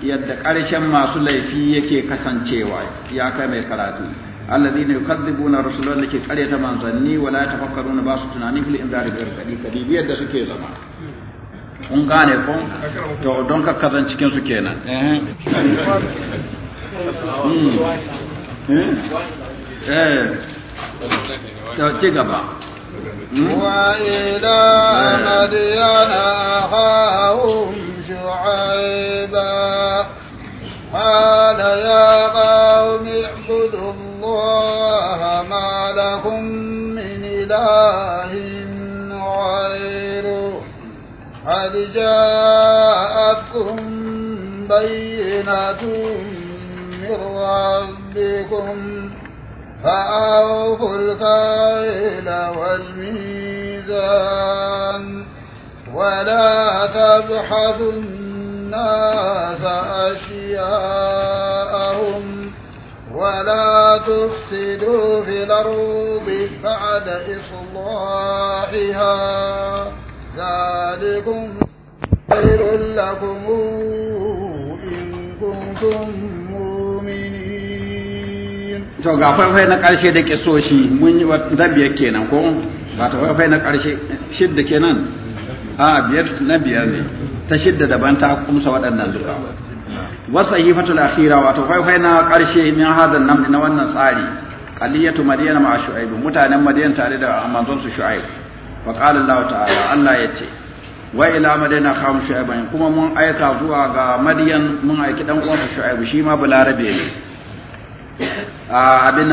yadda karshen masu laifi yake kasancewa ya kai mai karatu alladhina yukadzibuna rasulan lake qaryata manzanni wala tafakkaruna basu tunanin fili fil inzari bil kadi kadibi yadda suke zama kun gane ko to don ka kazan cikin su kenan eh eh eh ci gaba وإلى مدين أخاهم شعيبا قال يا قوم اعبدوا الله ما لكم من إله غيره قد جاءتكم بينة من ربكم فأوفوا الخيل والميزان ولا تبحثوا الناس أشياءهم ولا تفسدوا في الأرض بعد إصلاحها ذلكم خير لكم إن كنتم to ga faifai na ƙarshe da ke so shi mun yi biyar kenan ko ba ta faifai na ƙarshe shidda kenan a biyar na biyar ne ta shidda daban ta kumsa waɗannan duka wasu ahifatul akhira wato faifai na ƙarshe min hadan nan na wannan tsari qaliyatu madiyana ma shu'aib mutanen madiyan tare da manzon su shu'aib wa qala allah ta'ala allah yace wa ila madina kham shu'aib kuma mun aika zuwa ga madiyan mun aiki dan uwan shu'aib shi ma bularabe ne abin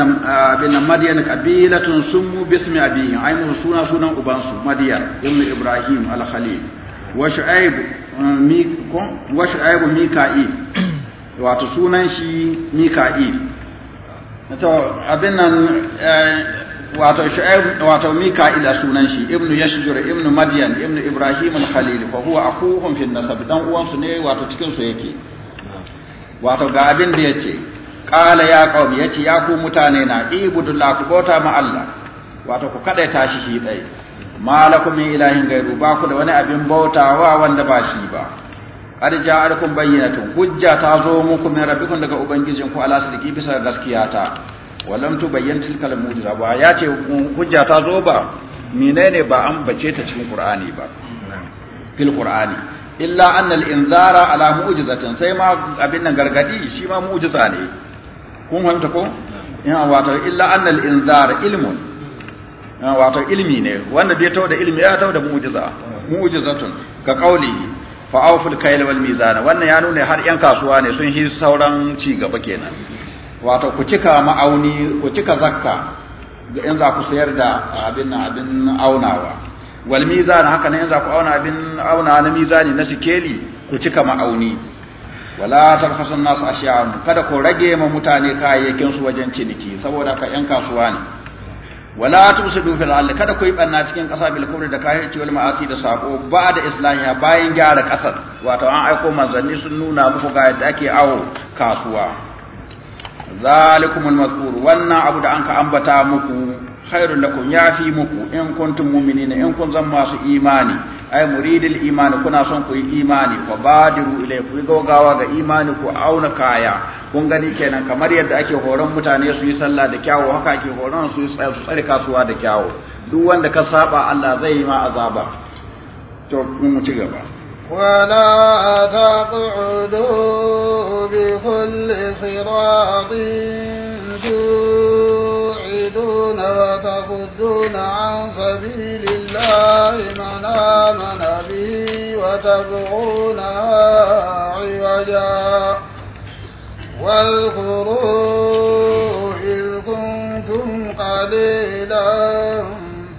nan madiyan kabilatun mu bismi abihi ai mun suna sunan ubansu madiyan ibnu ibrahim al-khalil wa shu'aib mikon mika'il wato sunan shi mika'il abin nan wato shu'aib wato mika'il sunan shi ibnu yashjur ibnu madiyan ibnu ibrahim al-khalil fa a akuhum fi nasab dan uwansu ne wato cikinsu yake wato ga abin da ce kala ya ya ce ya ku mutane na ibudullah ku bauta ma Allah wato ku kada tashi shi dai malakum min ilahin gairu ba ku da wani abin bautawa wanda ba shi ba qad bayyana tun hujja ta zo muku min daga ubangijinku ala sidiki bisa gaskiya ta walam tubayyin tilkal mu'jiza ba ce hujja ta zo ba menene ba an bace ta cikin qur'ani ba fil qur'ani illa annal inzara ala mu'jizatin sai ma abin nan gargadi shi ma mu'jiza ne kun fahimta ko yan'a wato illa annal inzar ilmun wato ilmi ne wanda bai tawo da ilmi ya tawo da mu'jiza mu'jizatun ka kauli fa awful kayl wal mizan wannan ya nuna har yan kasuwa ne sun hi sauran ci gaba kenan wato ku cika ma'auni ku cika zakka ga yan za ku sayar da abin abin aunawa wal mizan haka ne yan za ku auna abin auna na mizani na sikeli ku cika ma'auni wala tarfasu nasu ashiya'an kada ku rage ma mutane kayayyakin su wajen ciniki saboda ka yan kasuwa ne wala tubsidu fil alli kada ku yi banna cikin ƙasa bil da kafirci ciwon ma'asi da sako ba da islamiyya bayan gyara ƙasar wato an aiko manzanni sun nuna muku ga yadda ake awo kasuwa zalikumul mazkur wannan abu da an ka ambata muku khairul lakum yafi muku in kuntum mu'minina in kun zan masu imani ay muridil imani kuna son ku yi imani fa badiru ilay ku gaugawa ga imani ku auna kaya kun gani kenan kamar yadda ake horon mutane su yi sallah da kyawu haka ake horon su su tsare kasuwa da kyawu duk wanda ka saba Allah zai yi ma azaba to mu ci gaba ولا تقعدوا بكل صراط دون وتصدون وتصدون عن سبيل الله من آمن به وتبغون عوجا واذكروا إذ كنتم قليلا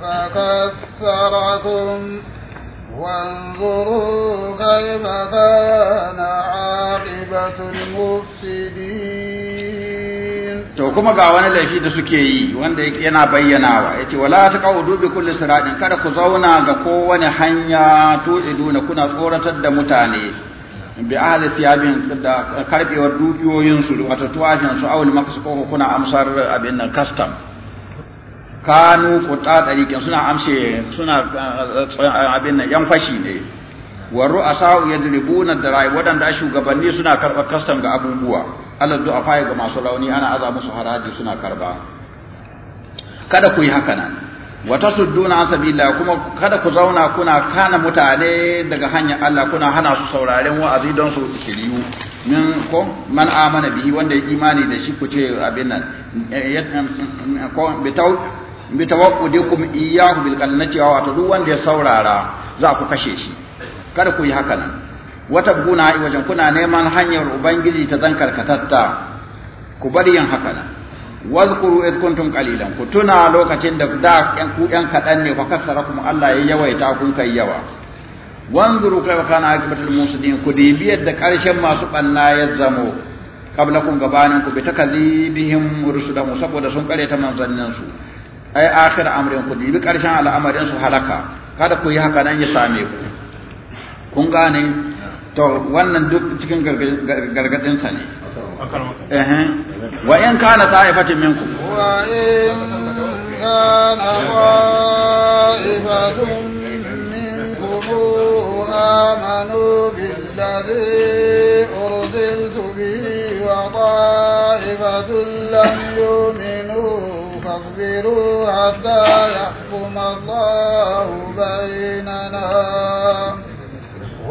فكثركم وانظروا كيف كان عاقبة المفسدين kuma ga wani laifi da suke yi wanda yana bayyanawa yace wala taqudu bi kulli siradin kada ku zauna ga kowane hanya na kuna tsoratar da mutane bi ahli thiyabin da karbewar dukiyoyin su wata tuwajin su awul su ko kuna amsar abin nan custom kanu ta dariqin suna amshe suna eh, eh, abin nan yan fashi ne wa ru'asa'u yadribuna darai wadanda shugabanni suna karba custom ga abubuwa alal du'afa ga masu rauni ana aza musu haraji suna karba kada ku yi haka nan wa tasudduna an kuma kada ku zauna kuna kana mutane daga hanyar Allah kuna hana su sauraren wa'azi don su kiriyu min ko man amana bihi wanda ya imani da shi ku ce abin nan ko bitaw bitawaqqudikum iyyahu bil wa duk wanda ya saurara za ku kashe shi kada ku yi haka nan wata buguna wajen kuna neman hanyar ubangiji ta zan karkatatta ku bari yin haka nan wazkuru id kuntum qalilan ku tuna lokacin da da yan ku yan kadan ne fa kuma Allah ya yawaita kun kai yawa wanzuru kaifa kana akibatul musidin ku dibi yadda karshen masu banna ya zamo qablakum gabanin ku bi takazibihim rusulun saboda sun kare ta manzannin su ai akhir amrin ku dibi karshen al'amarin su halaka kada ku yi haka nan ya same ku kun gane to wannan duk cikin gargadin sa ne eh wa in kana ta'ifatin minkum wa in kana ta'ifatun minkum amanu bihi wa ta'ifatun lam yu'minu fasbiru hatta Wa in ka da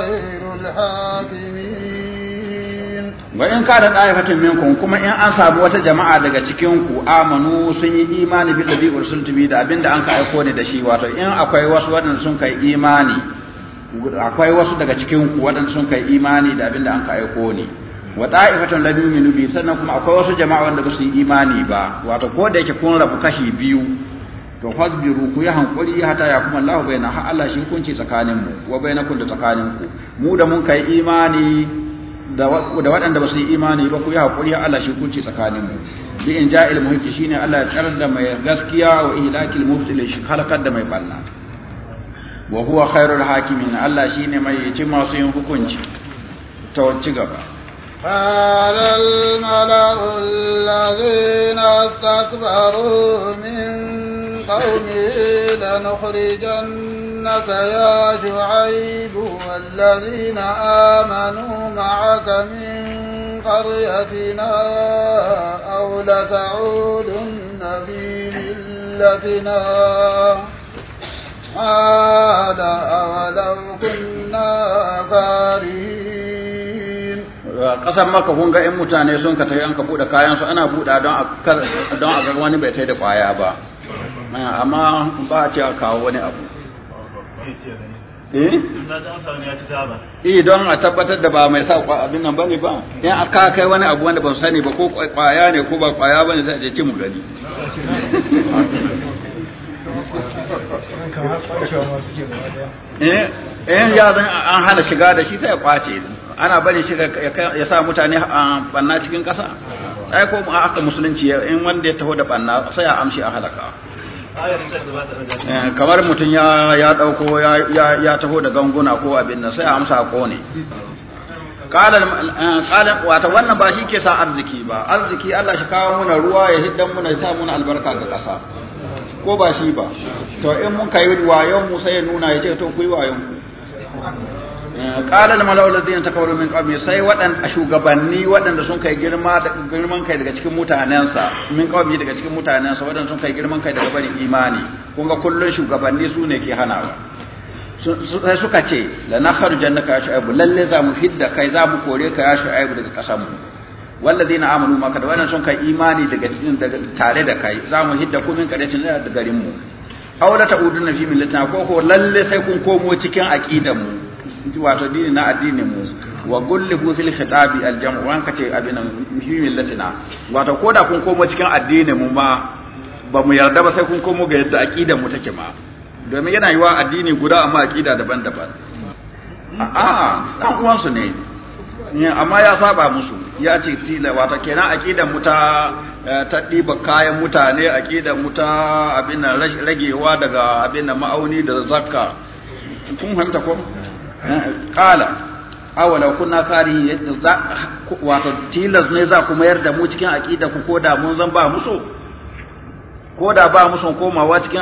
خير الحاكمين وإن كانت kuma in an إن wata jama'a daga cikinku amanu sun yi imani bi ladhi ursiltu bi da abinda an ka aiko ne da shi wato in akwai wasu wadanda sun kai imani akwai wasu daga cikinku wadanda sun kai imani da abinda an ka aiko ne wa da'ifatan lam yu'minu bi sannan kuma akwai wasu jama'a wanda ba su yi imani ba wato ko da yake kun rabu kashi biyu to fasbiru ku yi hankuri hata ya kuma Allah bai na Allah shi hukunci tsakanin mu wa kun da tsakanin ku mu da mun kai imani da waɗanda ba su yi imani ba ku yi haƙuri Allah shi hukunci tsakanin mu bi in ja'il muhiki shine Allah ya tsarar da mai gaskiya wa ihlakil mufsil shi halakar da mai balla wa huwa khairul hakimin Allah shine mai cin masu yin hukunci ta wacce gaba قال الملأ الذين استكبروا من قومه لنخرجنك يا شعيب والذين آمنوا معك من قريتنا أو لتعودن في ملتنا قال أولو كنا كارهين maka kun ga 'yan mutane sun ka ta bude buɗe kayansu ana buɗa don a ga wani bai ta da ƙwaya ba amma ba a ce a kawo wani abu Eh, eh don a tabbatar da ba mai sa abin nan bane ba in aka kai wani abu wanda ban sani ba ko kwaya ne ko ba kwaya bane sai a ce mu gani eh eh ya zan an hana shiga da shi sai ya kwace ana bari shi ya sa mutane banna cikin kasa ai ko aka musulunci in wanda ya taho da banna sai a amshi a halaka Eh, kamar mutum ya ɗauko ya taho da ganguna ko abin nan sai a amsa ko ne wata wannan ba shi ke sa arziki ba arziki Allah shi kawo muna ruwa ya hiddan muna ya sa muna albarka ga ƙasa ko ba shi ba to in mun kai wayon mu sai ya nuna ya ce to ku yi wayon qala al mala'u ta takabbaru min qawmi sai wadan shugabanni waɗanda sun kai girma da girman kai daga cikin mutanensa min qawmi daga cikin mutanensa waɗanda sun kai girman kai daga bari imani kun ga kullun shugabanni su ne ke hanawa sai suka ce la nakhrujannaka ya shu'aib lalle za mu hidda kai za mu kore ka ya shu'aib daga kasan mu na amanu maka da waɗanda sun kai imani daga tare da kai za mu hidda ku min kadacin da garin mu aw la ta'uduna fi millatina ko ko lalle sai kun komo cikin aqidan mu wato dini na addini mu wa gullihu fil khitabi al jam'u an kace abinan muhimmin latina wato koda kun komo cikin addini mu ma ba mu yarda ba sai kun komo ga yadda aqida mu take ma domin yana yiwa addini guda amma aqida daban-daban a dan uwan su ne eh, amma ya saba musu ya ce tila wato kenan aqidar mu ta eh, ta ɗiba kayan mutane aqidar mu ta abin ragewa daga abin ma'auni da zakka kun fahimta ko kala awala kunna karihi za wato tilas ne za ku mayar da mu cikin aqida ku koda mun zan ba musu koda ba musu komawa cikin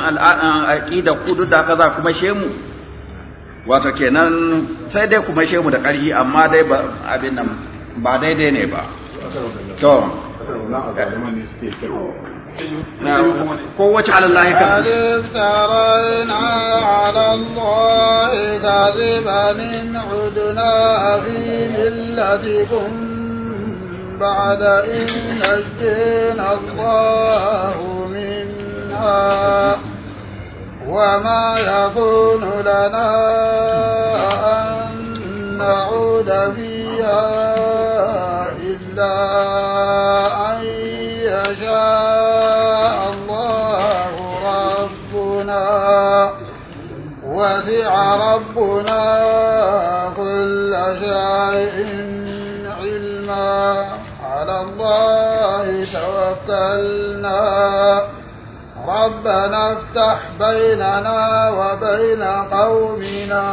aqida ku duk da kaza kuma shemu wato kenan sai dai kuma shemu da ƙarfi amma dai ba abin nan ba daidai ne ba to نعم. قوة على الله كم قد افترينا على الله كذبا إن عدنا في ملتكم بعد إن نجينا الله منا وما يكون لنا أن نعود فيها إلا أن يشاء وسع ربنا كل شيء علما على الله توكلنا ربنا افتح بيننا وبين قومنا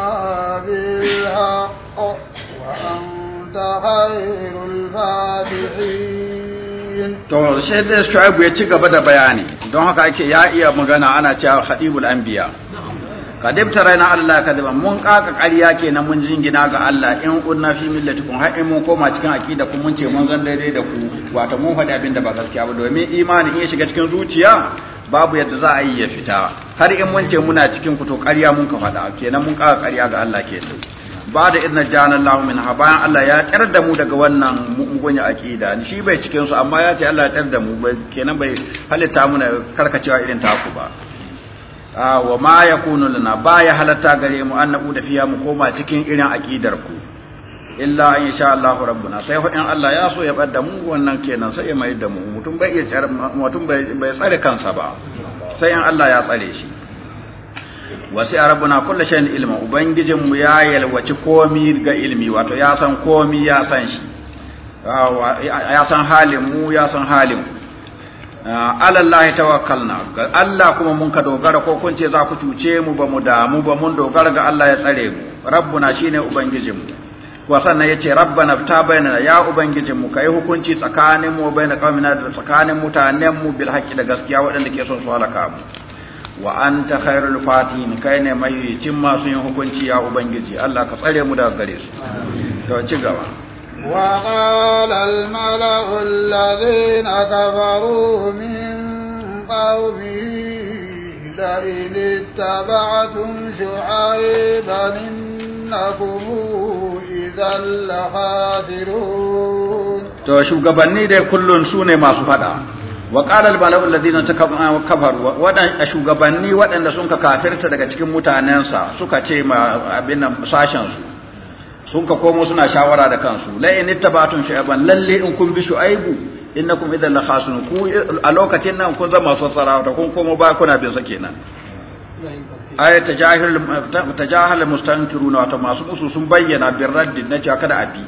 بالحق وأنت خير الفاتحين to shi da shi ya ci gaba da bayani don haka ake ya iya magana ana cewa Khadibul Anbiya kadib taraina Allah kadiba mun kaka ƙarya kenan mun jingina ga Allah in kunna fi millati kun in mun koma cikin aƙida kun mun ce mun zan daidai da ku Wata mun faɗi abin da ba gaskiya ba domin imani in ya shiga cikin zuciya babu yadda za a yi ya fita har in mun ce muna cikin ku to ƙarya mun ka faɗa kenan mun kaka ƙarya ga Allah kenan ba da idna jana Allah min ha bayan Allah ya tsar da mu daga wannan mugunya ni shi bai cikin su amma ya ce Allah ya tsar da mu kenan bai halitta muna karkacewa irin taku ba Ah, wa ma yakunu lana ya halatta gare mu annabu da fiya mu koma cikin irin aqidar ku illa in sha Allah rabbuna sai fa in Allah ya so ya bada mu wannan kenan sai ya mai da mu mutum bai iya mutum bai tsare kansa ba sai in Allah ya tsare shi sai rabbuna kullu shay'in ilma ubangijin mu ya yalwaci komi ga ilmi wato ya san komi ya san shi ah, ya san halin mu ya san halin ku Ah, alallahi tawakkalna ga Allah kuma mun ka dogara ko kun ce za ku cuce mu ba mu damu ba mun dogara ga Allah ya tsare mu rabbuna shine ubangijinmu wa sannan yace rabbana ta bayyana ya ubangijinmu kai hukunci tsakanin mu bayyana qawmina da tsakanin mutanen mu bil haqqi da gaskiya waɗanda ke son su halaka mu wa anta khairul fatihin kai ne mai cin masu yin hukunci ya ubangiji Allah ka tsare mu daga gare su to ci gaba وقال الملأ الذين كفروا من قومه لئن اتبعتم شعيبا إنكم إذا لخاسرون to shugabanni dai kullun su masu faɗa. wa qala al mala'u alladhina kafaru wadan shugabanni waɗanda sun kafirta daga cikin mutanensa suka ce ma abin nan sashen su sun ka komo suna shawara da kansu la in ittabatun sha'iban, lalle in kun bi shu'aibu innakum idan la khasun ku a lokacin nan kun zama tsara da kun komo ba kuna bin sa kenan ay tajahil tajahil mustankiruna wato masu musu sun bayyana bin raddin na cewa kada abi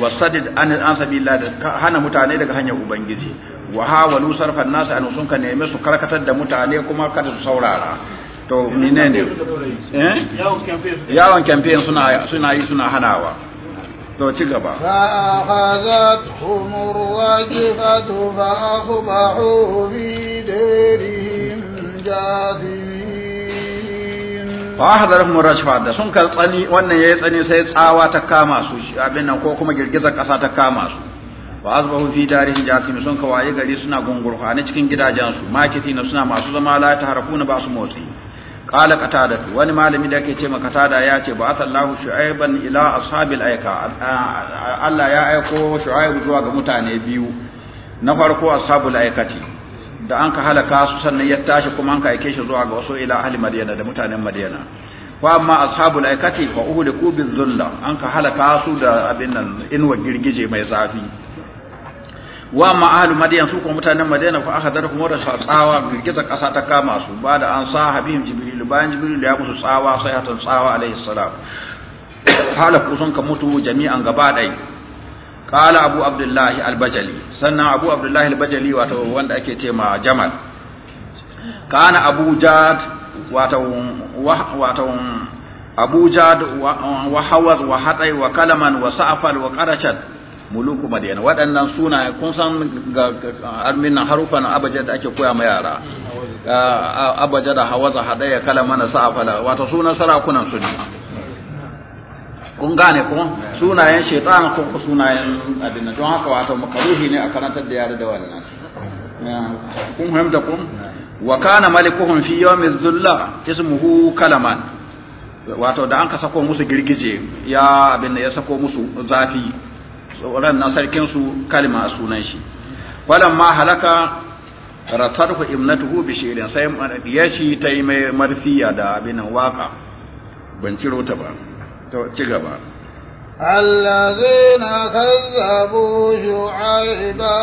wasadid an an sabilla da hana mutane daga hanyar ubangiji wa hawalu sarfan nasu an sun ka nemi su karkatar da mutane kuma kada su saurara to ne eh yawon campaign suna suna yi suna hanawa to ci gaba فأخذتهم bi فأصبحوا في ديرهم جاثمين فأخذتهم الرجفة da sun kaltsani wannan yayi tsani sai tsawa ta kama su abin nan ko kuma girgizar kasa ta kama su wa asbahu fi tarihi jakim sun kawaye gari suna gungurfa ne cikin gidajensu makiti na suna masu zama la ta harfuna ba su motsi qala qatada wani malami da yake ce ma qatada ya ce ba atallahu shu'aiban ila ashabil ayka Allah ya aiko shu'aib zuwa ga mutane biyu na farko ashabul aikati da an ka halaka su sannan ya tashi kuma an ka aike shi zuwa ga wasu ila ahli madina da mutanen Maryana wa amma ashabul aikati fa uhliku bizulla an ka halaka su da abin nan inwa girgije mai zafi wa ma'alu madiyan su kuma mutanen madina fa akhadar kuma da tsawa girgiza kasa ta kama su ba da an sa habibin jibril bayan jibril ya musu tsawa sai hatan tsawa alaihi salam halaku sun ka mutu jami'an gaba dai qala abu abdullahi al sannan abu abdullahi al-bajali wato wanda ake ce ma jamal kana abu jad wato wato abu jad wa hawaz wa hatai wa kalaman wa sa'fal wa qarashat muluku madina waɗannan suna kun san ga armin harufan abaja da ake koya ma yara abaja da hawaza hadaya kalama na sa'afala wato suna sarakunan su ne kun gane ko sunayen shaitan ko sunayen adina don haka wato makaruhi ne a karantar da yara da wannan kun fahimta kun wa kana malikuhum fi yawmi dhulla ismuhu kalaman wato da an ka sako musu girgije ya abin da ya sako musu zafi tsoron na su kalma a sunan shi walan ma halaka imnatu ibnatuhu bi shi'rin sai ya shi ta yi mai marfiya da abin waka ban ciro ta ba ta ci gaba الذين كذبوا شعيبا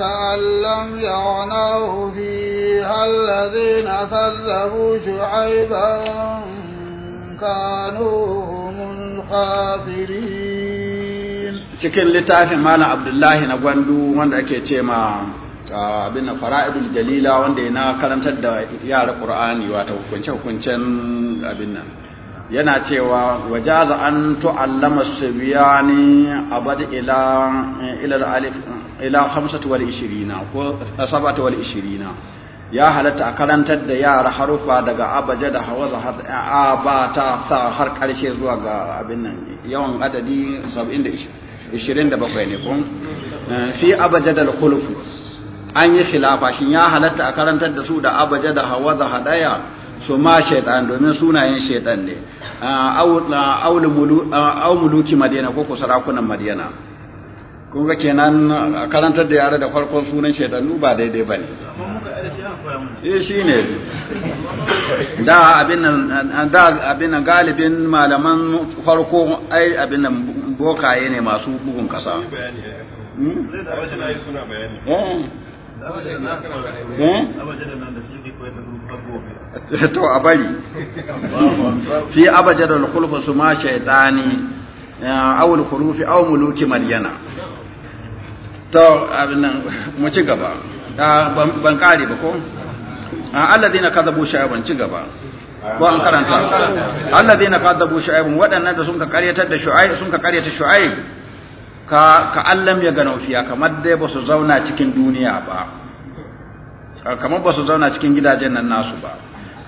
كأن لم يغنوا فيها الذين كذبوا شعيبا كانوا هم الخاسرين cikin littafin malam abdullahi na gwandu wanda ake ce ma abin fara'idul jalila wanda na karantar da yara ƙur'ani, wata hukunce hukuncen abin nan yana cewa waje za an tu'allama subiyani abad ila ila alif ila ishirina ko ishirina, ya halatta a karantar da yara harufa daga abaje da a ba ta sa har karshe zuwa ga abin nan yawan adadi 70 27 ne kun eh, fi da khulufu an yi khilafa shin ya halatta a karantar da su da abajada da hadaya su ma shaitan domin sunayen shaitan ne eh, a eh, muluki madina ko ku sarakunan madina kun ga kenan karantar da yare da farkon sunan shaitannu ba daidai ba ne eh shi ne da abin nan galibin malaman farko ai abin bokaye ne masu bugun kasa [laughs] to a bari [laughs] fi abajadal khulfa su ma shaitani eh, awul khurufi aw muluki maryana to abin nan mu ci gaba ah, ban kare ba ko ah, alladina kadhabu shayban ci gaba ko an karanta alladheena kadzabu shu'aib wadannan da sun ka karyatar da shu'aib sun ka karyata shu'aib ka ka allam ya gano fiya kamar dai ba su zauna cikin duniya ba kamar ba su zauna cikin gidajen nan nasu ba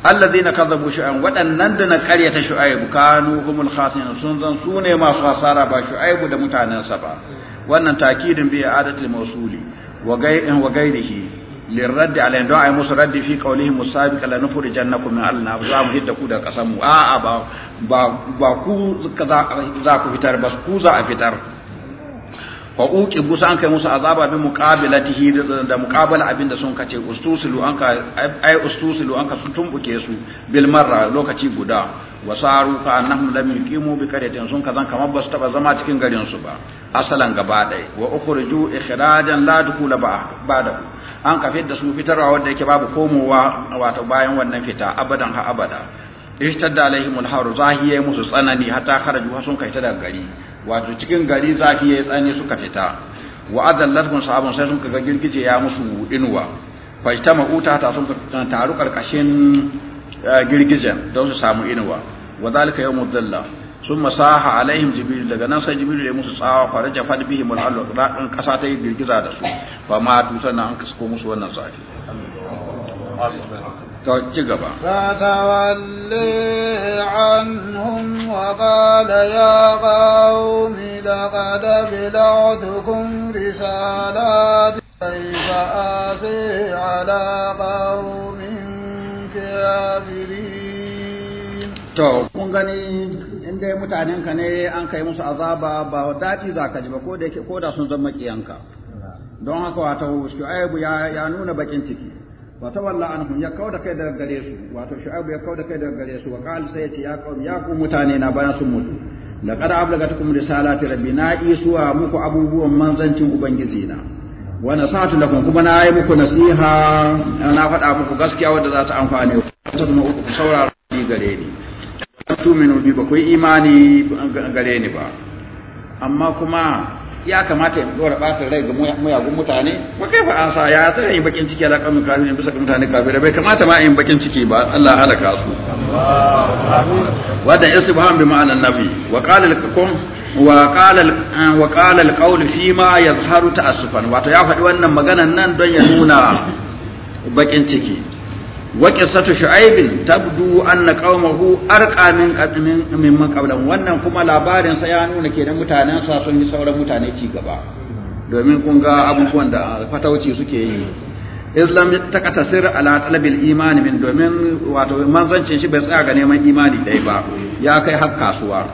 alladheena kadzabu shu'aib wadannan da na karyata shu'aib kanu humul khasin sun zan su ne masu hasara ba shu'aib da mutanansa ba wannan takidin bi adatil mausuli wa gai'in wa gairihi lirraddi alayhim don a musu raddi fi qawlihim musabiqa la nukhrijannakum min alna za mu hidda ku da kasan mu a'a ba ba ku za ku fitar ba ku za a fitar wa uki busa an kai musu azaba bi muqabilatihi da abin da sun kace ustusilu an ka ai an ka sun tumbuke su bil lokaci guda wa saru ka annahum lam yuqimu bi qaryatin sun kazan kamar basu taba zama cikin garin su ba asalan gaba dai wa ukhruju ikhrajan la dukula ba'da an ka fitar da su fitarwa wanda yake babu komowa wato bayan wannan fita abadan ha abada ishtadda alaihim haru zahiye musu tsanani hatta kharaju sun kai ta daga gari wato cikin gari zafi yayi tsani suka fita wa adallatun sahabun sai sun kaga girgije ya musu inuwa fajtama uta ta sun taru karkashin girgijen don su samu inuwa wa zalika yawmud dhalla summa saha alaihim jibril daga nan sai jibril ya musu tsawa faraja fad bihim da radin kasa ta yi girgiza da su fa ma tu sannan an kasko musu wannan sai to ci gaba fatawalli anhum wa qala ya qaumi laqad bila'tukum risalati kayfa asi ala qaumi To, kun gani inda mutanen ka ne an kai musu azaba ba daɗi za ka ji ba ko da sun zama ƙiyanka. Don haka wato shu'aibu ya nuna bakin ciki. Wato wallahi an ya kauda kai daga gare su, wato shu'aibu ya kauda kai daga gare su, wa ƙal sai ya ce ya kau ya ku mutane na bayan sun mutu. Da kada ablagatukum risalati rabbi na isuwa muku abubuwan manzancin ubangiji na. wa nasatu lakum kuma na yi muku nasiha na faɗa muku gaskiya wadda za ta amfane ku. Kuma ku saurara gare ni. tuminu bi ba ku yi imani gare ni ba amma kuma ya kamata in dora bata rai ga muyagun mutane kai fa an sa ya ta yin bakin ciki ala kamun kafirin bisa ga mutane kafirai bai kamata ma yin bakin ciki ba Allah halaka su wadan isbaham bi ma'ana nabi wa qala lakum wa qala wa qala alqawl fi ma yadhharu ta'assufan wato ya faɗi wannan maganan nan don ya nuna bakin ciki wa qissatu shu'aib tabdu anna qaumahu arqa min qadmin mimman qablan wannan kuma labarin sa ya nuna kenan mutanen sa sun yi sauran mutane ci gaba domin kun ga abubuwan da fatauci suke yi islam ta katasir ala talabil imani min domin wato manzancin shi bai tsaya ga neman imani dai ba ya kai har kasuwa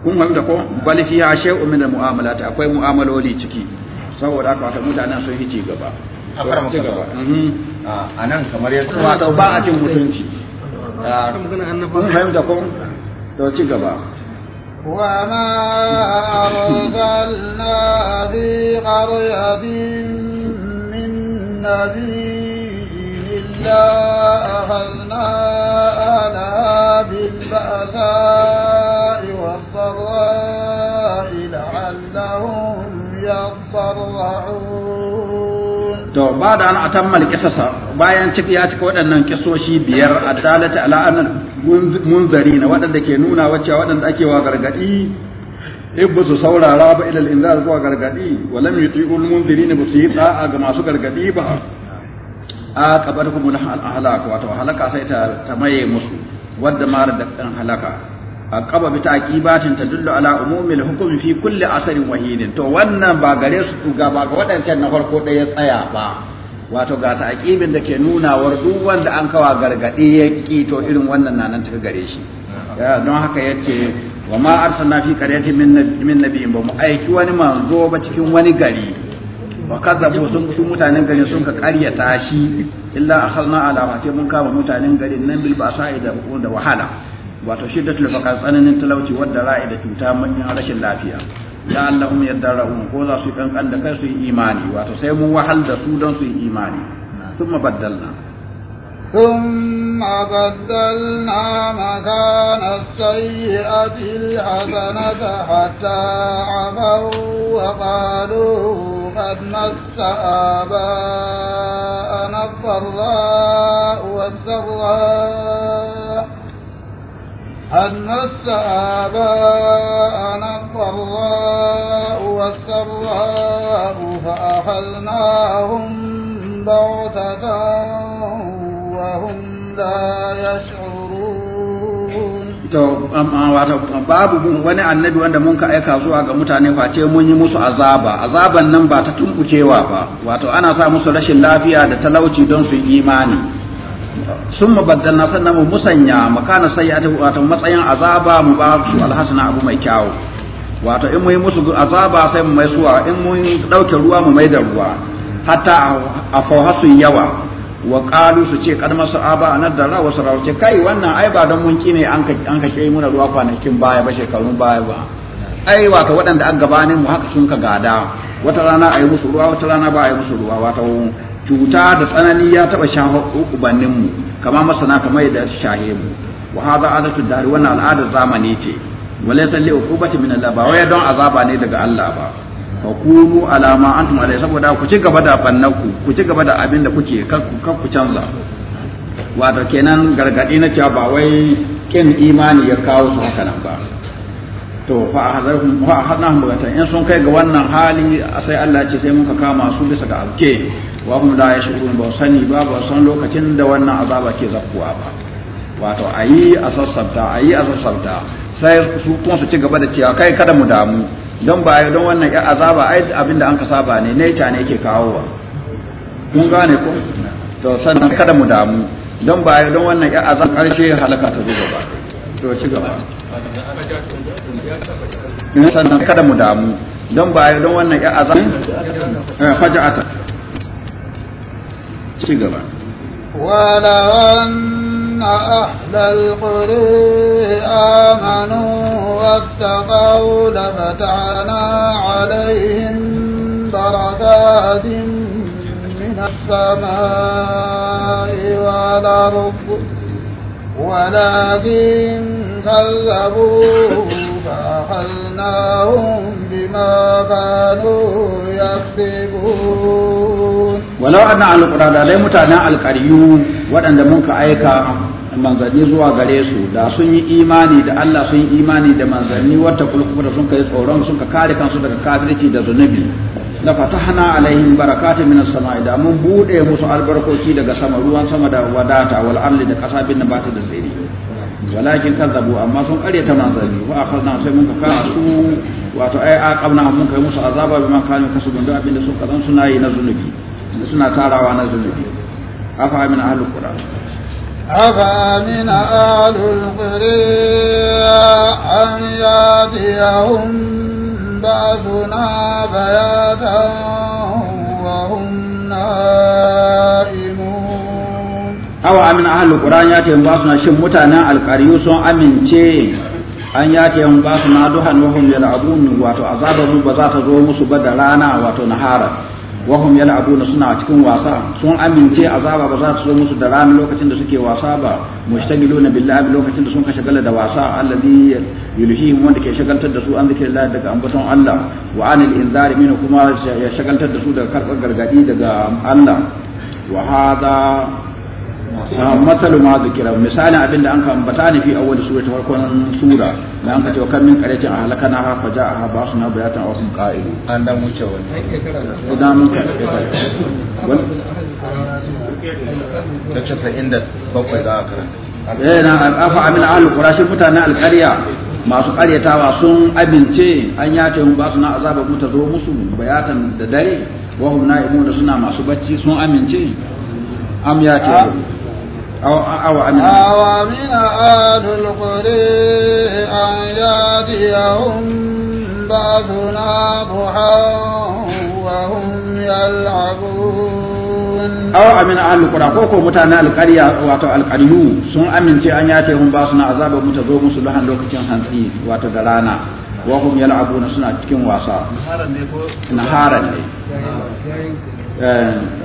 kun fahimta ko bal fiha shay'un min al-mu'amalat akwai mu'amaloli ciki saboda haka mutanen sun yi ci gaba a a nan kamar yadda wato ba a cin mutunci kun fahimta ko to ci gaba وما أرسلنا في قرية من نبي إلا أخذنا أهلها بالبأساء والضراء لعلهم يضرعون to ba da an atammal kisasa bayan cik ya cika waɗannan kisoshi biyar addalata ala munzari na waɗanda ke nuna wacce waɗanda ake wa gargadi ba su saurara ba ilal inzar zuwa gargadi walam munzari ne ba su yi tsa'a ga masu gargadi ba a kuma na ahlak wato halaka sai ta maye musu wadda mara da halaka aqaba bi taqibatin tadullu ala umumil hukmi fi kulli asarin wahinin to wannan ba gare su ga ba ga wadancan na farko da ya tsaya ba wato ga taqibin da ke nuna war duk wanda an kawa gargade ya to irin wannan na nan ta gare shi don haka yace wa ma arsalna fi qaryatin min min nabiyyin ba mu aiki wani manzo ba cikin wani gari wa kazzabu sun su mutanen garin sun ka karyata shi illa akhalna ala ma mun kama mutanen garin nan bil basa'i da wahala wato shiddatul faqar tsananin talauci wadda ra'ayi da cuta manyan rashin lafiya ya Allah mu yadarrahum ko za su kankan da kai su yi imani wato sai mun wahal da su don su yi imani thumma baddalna ثم بدلنا مكان السيئة الحسنة حتى عفوا وقالوا قد مس آباءنا الضراء والسراء قد آباءنا الضراء والسراء فأخذناهم بغتة وهم لا يشعرون babu wani annabi wanda mun ka aika zuwa ga mutane face mun yi musu azaba azaban nan ba ta tumbukewa ba wato ana sa musu rashin lafiya da talauci don su yi imani sun mabaddalna sannan mu musanya makana sayyata wato matsayin azaba mu ba su alhasana abu mai kyawu wato in mu yi musu azaba sai mu mai suwa in mu dauke ruwa mu mai da ruwa hatta a fauhasu yawa wa qalu su ce kad masu aba anar da rawa su rawace kai wannan ai ba don mun kine an ka an ka kai muna ruwa kwanakin baya ba shekarun baya ba ai wato waɗanda an gabanin mu haka sun ka gada wata rana ayi musu ruwa wata rana ba ayi musu ruwa wato cuta da tsanani ya taba shafar ubannin mu kama masana kamar yadda shahe mu wa hada adatu dari wannan al'adar zamani ce wala li uqubati min Allah ba waya don azaba ne daga Allah ba fa kunu ala ma antum alai saboda ku ci gaba da bannaku ku ci gaba da abin da kuke kan ku canza wato kenan gargadi na cewa ba wai kin imani ya kawo su haka nan ba to fa ahadnahum bugatan in sun kai ga wannan hali sai Allah ce sai muka kama su bisa ga alke wa da ya yashurun ba sani ba ba san lokacin da wannan azaba ke zakkuwa ba wato ayi a sassabta ayi a sassabta sai su kuma su ci gaba da cewa kai kada mu damu don ba don wannan ya azaba ai abinda an ka saba ne ne ta ne yake kawowa kun gane ko to sannan kada mu damu don ba don wannan ya azaba karshe halaka ta zo ba to ci gaba eh, sannan kada mu damu don ba don wannan ya azaba eh, faja'ata سيقرا ولو أن أهل القرى آمنوا واتقوا لفتحنا عليهم بركات من السماء والأرض ولكن كذبوا فأخذناهم بما كانوا يكسبون walau anna alqura da dai mutanen alqariyu waɗanda mun ka aika manzanni zuwa gare su da sun yi imani da Allah sun yi imani da manzanni wata kulkuma da sun kai tsoron sun ka kare kansu daga kafirci da zunubi la fatahna alaihim barakatun minas sama'i da mun bude musu albarkoci daga sama ruwan sama da wadata wal ardi da kasabin nabata da tsiri walakin kazzabu amma sun kare ta manzanni wa akhazna sai mun ka kama su wato ai aqabna mun kai musu azaba man kanu kasubun da abinda sun kazan suna yi na zunubi suna tarawa na zunubi afa min ahlul qura afa min ahlul qura an yatiyahum ba'duna bayatan wa hum na'imun awa amin ahlul qura ya ce ba suna shin mutanen alqariyu sun amince an ya ce ba suna duhan wa hum yal'abun wato Azabar, ba za ta zo musu ba da rana wato nahara wahum yal'abuna suna cikin wasa sun amince azaba ba za ta zo musu da rana lokacin da suke wasa ba mushtagiluna billahi lokacin da sun ka shagala da wasa alladhi yulhihim wanda ke shagaltar da su an zikrillah daga ambaton Allah wa anil inzari min kuma ya shagaltar da su daga karbar gargadi daga Allah wa hada مثل ما ذكر مثال ابن انك امبتان في اول سوره وكون سوره ما انك تو كم من قريه اهلكناها فجاءها باسنا بياتا وهم قائلون ان دم وجه اذا من na afa amin ahlul qura shi mutanen alqarya masu karyatawa sun abince an yace mun ba suna na azaba mu ta zo musu bayatan da dare wa hum na'imuna suna masu bacci sun amince am ya ce ah, أو أمن أومن أهل القرى أن يأتيهم بأسنا ضحى وهم يلعبون أو أمن أهل القرى كوكو متانا القرية واتو القريو سن أمن تي أن يأتيهم بأسنا عذاب متزوم سلوحا لوكتين هانتي واتو دلانا وهم يلعبون سنة تكين واسا نهارا لي Eh,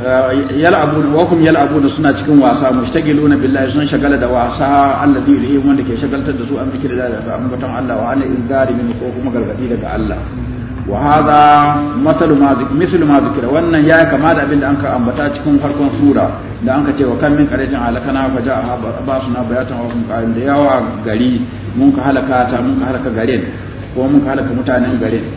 yal'abuna wa kum yal'abuna suna cikin wasa mushtagiluna billahi sun shagala da wasa alladhi yulhihim wanda ke shagaltar da su an zikri da amma ambaton Allah wa an ingari min ko kuma gargadi daga Allah wa hadha matalu ma zik mislu ma zikra wannan ya kama da abinda an ka ambata cikin farkon sura da an ka ce wa kan min qaratin alakana fa ba suna bayatan wa hum qalin da yawa gari mun ka halaka ta mun ka halaka garin ko mun ka halaka mutanen garin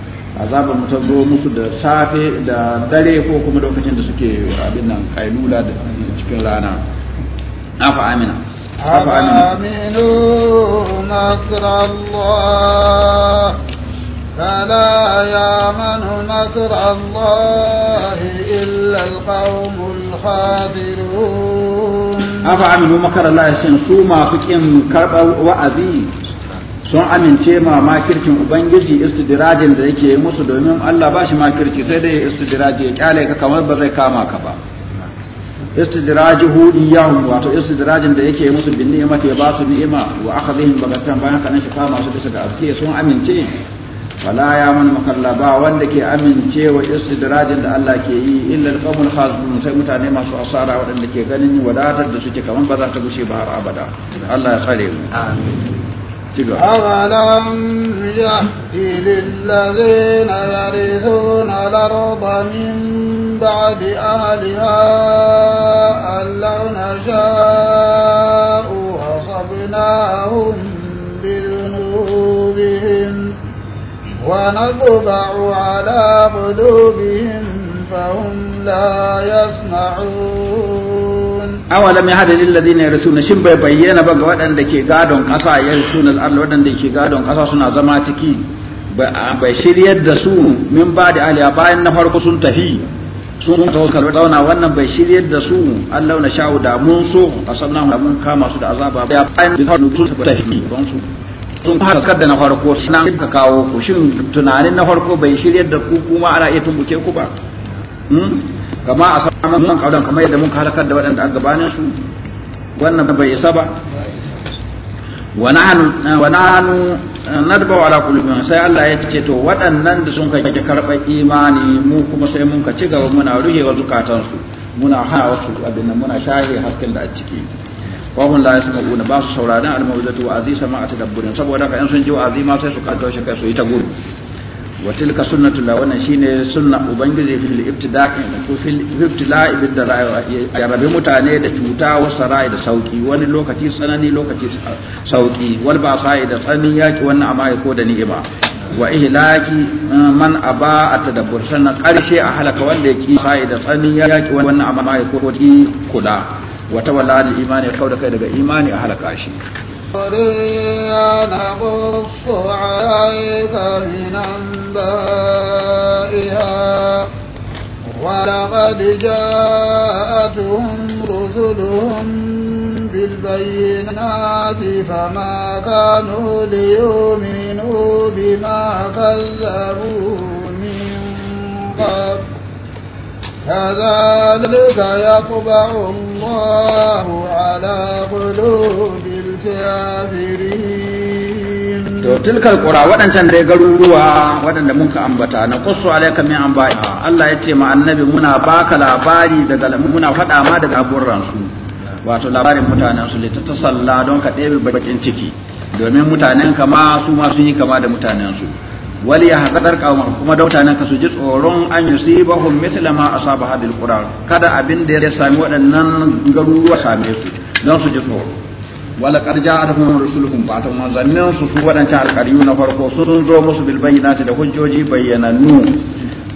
azabar mu ta zo musu da safe da dare ko kuma lokacin da suke abin nan kailula da cikin rana afa amina afa aminu makrallah فلا يامن مكر الله إلا القوم sun amince ma makircin ubangiji istidirajin da yake musu domin Allah ba shi makirci sai dai istidiraji ya kyale ka kamar ba zai kama ka ba istidiraji hudi wato istidirajin da yake musu bin ni'ima ke ba su ni'ima wa akhadhihim bagatan bayan kanan shi kama su bisa ga aske sun amince wala ya man makalla ba wanda ke amince wa istidrajin da Allah ke yi illa alqamul khasbun sai mutane masu asara waɗanda ke ganin wadatar da suke kamar ba za ta gushe ba har abada Allah ya tsare mu amin أولم يهدي للذين يرثون الأرض من بعد أهلها أن لو نشاء أصبناهم بذنوبهم ونطبع على قلوبهم فهم لا يسمعون awalam ya hada lillazina yarsuna shin bai bayyana ba ga waɗanda ke gadon ƙasa yarsuna al-ard waɗanda ke gadon ƙasa suna zama ciki bai shiryar da su min ba da aliya bayan na farko sun tafi sun tawakkal zauna wannan bai shiryar da su Allah na sha'u da mun so asanna mun kama su da azaba bayan sun tafi don su sun fara kadda na farko suna ka kawo ku shin tunanin na farko bai shiryar da ku kuma ana iya tumbuke ku ba hmm? kama a saman man kaudan kamar yadda mun halakar da waɗanda an gabanin su wannan bai isa ba na da bawa ala kulubi sai Allah ya ce to waɗannan da sun kai karɓa imani mu kuma sai mun ka ci gaba muna ruhewa wa zukatansu muna hana wasu abin nan muna shahe hasken da a ciki wa hum la yasma'una ba su sauraron al wa azisa ta atadabburin saboda ka in sun ji wa azima sai su kaddaushi kai su yi ta gudu wa tilka sunnatullah wannan shine sunna ubangiji fil ibtida'i ko fil ibtila'i bid dara'i ya rabe mutane da cuta wa sarai da sauki wani lokaci tsanani lokaci sauki wal ba sai da tsanin yaki wannan amma ya ko da ni'ima wa ihlaki eh, man a tadabbur sannan karshe a halaka wanda yake sai da tsanin yaki wannan amma kula kai daga imani a halaka shi قد يعلم الصعيد من أنبائها ولقد جاءتهم رسلهم بالبينات فما كانوا ليؤمنوا بما كذبوا من قبل كذلك يطبع الله على قلوب الكافرين to tilkal qura waɗancan dai garuruwa wadanda muka ambata na qussu alaika min anba'i Allah yace ma annabi muna baka labari daga muna fada ma daga aburran wato labarin mutanen su litatasalla don ka ɗebe bakin ciki domin mutanen kama su ma sun yi kama da mutanen su Wali ya yahqadar qawmar kuma dautanan ka su ji tsoron an yusibahum mithla ma asaba hadil qura kada abin da ya sami waɗannan garuruwa same su don su ji tsoro wala qad ja'atuhum rusuluhum ba'atan manzannin su su wadancan alqariyu na farko sun zo musu bil bayyinati da hujjoji bayyanannu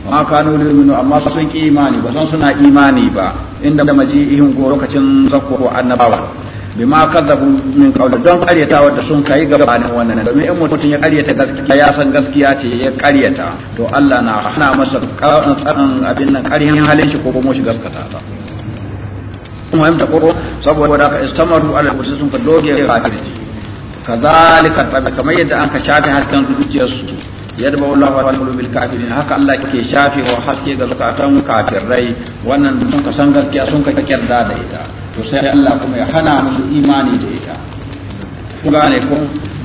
ma kanu yu'minu amma sun ki imani ba san suna imani ba inda maji ihin lokacin zakko annabawa bi bima kadzabu min qawli don karyatawa wadda sun kai gabanin wannan domin in mutum ya karyata gaskiya ya san gaskiya ce ya karyata to Allah na hana masa tsarin abin nan karyan halin shi ko kuma shi gaskata ta kuma yamta ko saboda ka istamaru ala sun ka doge kafirci kadhalika kamar yadda an ka shafe hasken zuciyarsu yadda wallahu ala qulubil kafirin haka Allah ke shafe wa haske ga zakatan kafirai wannan sun ka san gaskiya sun ka kyarda da ita to sai Allah kuma ya hana musu imani da ita ku gane ko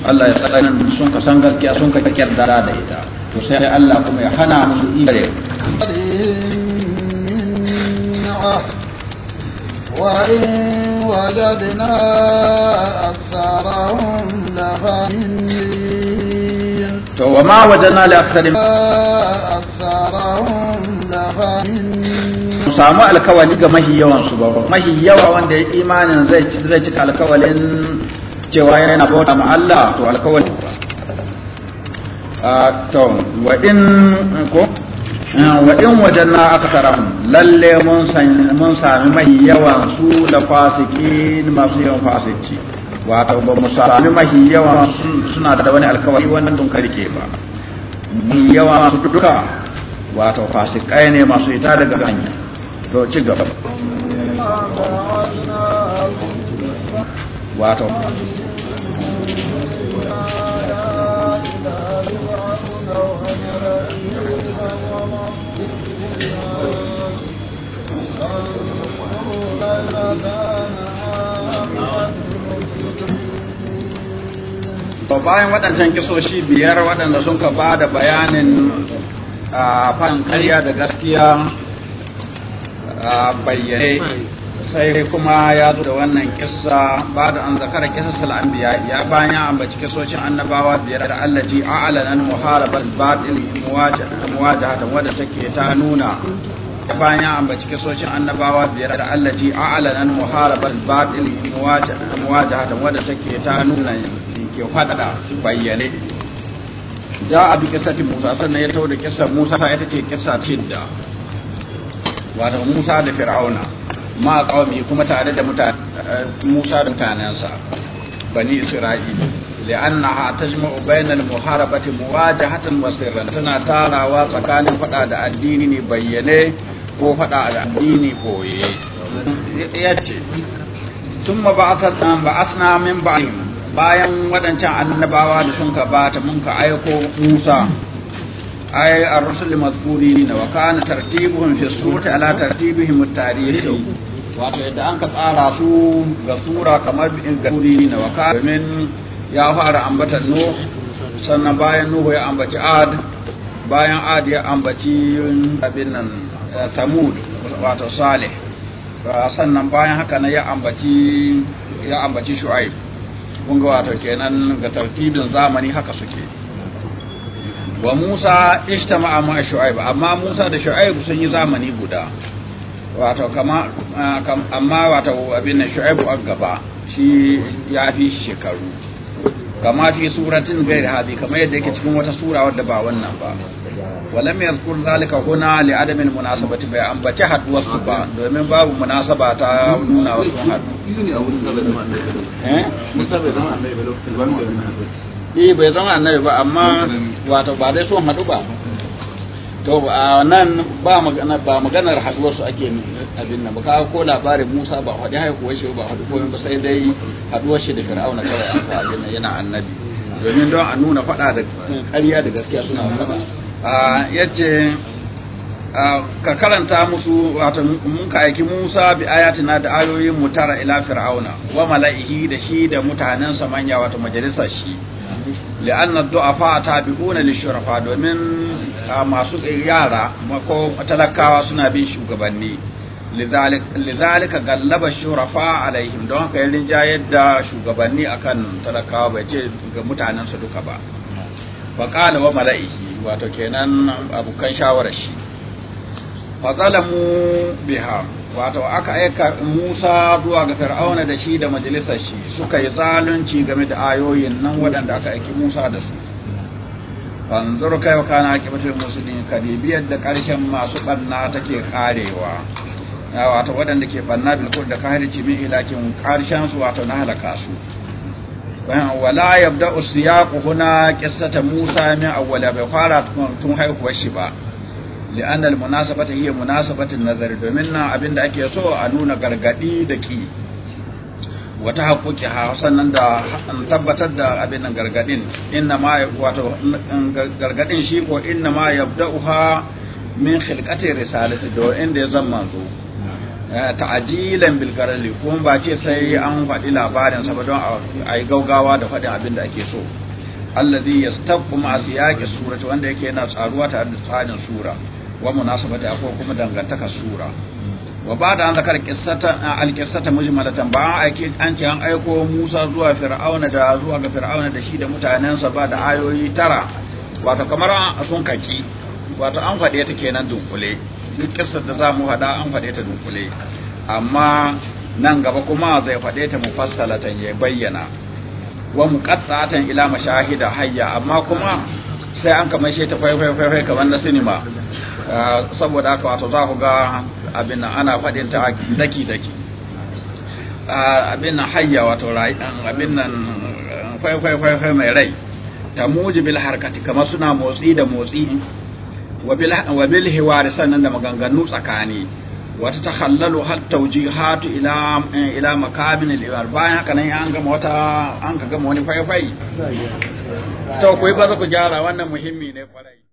Allah ya tsare mu sun ka san gaskiya sun ka kyar dara da ita to sai Allah kuma ya hana musu imani وإن وجدنا أكثرهم لفاهمين وما وجدنا لأكثرهم أكثرهم لفاهمين samu alkawali ga mahi yawan su ba mahi yawa wanda ya imanin zai zai cika alkawalin cewa yana bauta ma Allah to alkawali ba to wa in ko wa in wajanna aktharahum lalle mun san mun sami mahi yawan su da fasikin masu yawan fasici wato ba mu sami mahi yawan suna da wani alkawali wannan dun karke ba yawa su duka wato fasikai ne masu ita daga hanya to ci gaba wato bayan waɗancan kisoshi biyar waɗanda sun ka ba da bayanin a ah, fan karya da gaskiya bayyane sai kuma ya zo da wannan kissa ba da an zakara an biya ya bayan ya ambaci kisocin annabawa biyar da allati a'lanan muharabat batil muwajahatan wadda take ta nuna ya bayan ya ambaci kisocin annabawa biyar da allati a'lanan muharabat batil muwajahatan wadda take ta nuna ke faɗaɗa bayyane ja a bi ta musa sannan ya tawo da kisa musa ita ce kisa tidda wato Musa da Fir'auna ma qawmi kuma tare da mutane eh, Musa da mutanansa bani Isra'il. لأنها تجمع بين المحاربة مواجهة وسرا tana tarawa tsakanin fada da addini ne bayyane ko fada da addini boye yace thumma ba'athna ba'athna min ba'in bayan wadancan annabawa da sun ka bata mun ka aiko Musa أي الرسل المذكورين وكان ترتيبهم في السورة على ترتيبهم التاريخي wato yadda an ka tsara su ga sura kamar ga guri na waka domin ya fara ambatan sannan bayan nuhu ya ambaci ad bayan ad ya ambaci abin nan tamud eh, wato salih sannan bayan haka na ya ambaci shu'aib kun ga wato kenan ga tartibin zamani haka suke wa Musa ishtama'a ma Shu'aib amma Musa da Shu'aib sun yi zamani guda wato kama amma wato abin nan Shu'aib a gaba shi ya fi shekaru kama fi suratin gair hadi kama yadda yake cikin wata sura wadda ba wannan ba walam yadhkur zalika huna li adami munasabati bai ambaci haduwar su ba domin babu munasaba ta nuna wasu eh? hadu eh bai zama annabi ba amma wato ba dai son haɗu ba to a nan ba magana ba maganar haɗuwar su ake abin nan ba ko labarin Musa ba haɗi haihuwar shi ba haɗu komai ba sai dai haɗuwar shi da Fir'auna kawai an fa abin yana annabi domin don a nuna faɗa da ƙarya da gaskiya suna faɗa yace ka karanta musu wato mun ka aiki Musa bi ayatina da ayoyin mutara ila fir'auna wa mala'ihi da shi da mutanensa manya wato majalisar shi li'anna du'afa tabi'una lishurafa domin masu yara ko talakawa suna bin shugabanni lizalika gallaba shurafa alaihim don haka yin rinjayar da shugabanni akan talakawa bai ce ga mutanensu duka ba fa wa mala'iki wato kenan abokan shawarar shi fa zalamu biha wato aka aika Musa zuwa ga Fir'auna da shi da majalisar shi suka yi zalunci game da ayoyin nan waɗanda aka aiki Musa da su fanzur kai wa kana akibatul ka kadibiyar da ƙarshen masu banna take karewa wato waɗanda ke banna bilkul da kahirci min ilakin ƙarshen su wato na halaka su wala yabda usiyaqu huna qissata Musa min awwala bai fara tun haihuwar shi ba li'an al-munasabata hiya munasabatin nazar domin nan abinda ake so a nuna gargadi da ki wata haƙoƙi ha sannan da tabbatar da abin nan gargadin inna ma wato gargadin shi ko inna ma yabda'uha min khilqati risalati do inda ya zama zo ta'ajilan bil kuma ba ce sai an faɗi labarin sa ba don a yi gaugawa da faɗin abin da ake so alladhi yastaqu ma siyaqi surati wanda yake yana tsaruwa ta tsarin sura wa munasabata akwai kuma dangantaka sura wa ba'da an zakar qissatan al-qissata mujmalatan ba an ce an aiko Musa zuwa Fir'auna da zuwa ga Fir'auna da shi da mutanensa ba da ayoyi tara wato kamar sun kaki wato an faɗe ta kenan dunkule duk kissar da zamu hada an faɗe ta dunkule amma nan gaba kuma zai faɗe ta mufassalatan ya bayyana wa muqatta'atan ila mashahida hayya amma kuma sai an kamar shi ta faifai kamar na sinima ah, saboda haka wato za ku ga abin nan ana faɗin ta daki daki ah, abin nan hayya wato abin nan faifai mai rai ta mujibil harkati kamar suna motsi da motsi wa bil hiwari sannan da maganganu tsakani wata ta hallalu hatta wujihatu ila ila makamin al bayan haka nan an gama wata an ka gama wani faifai to ku ba za ku gyara wannan muhimmi ne kwarai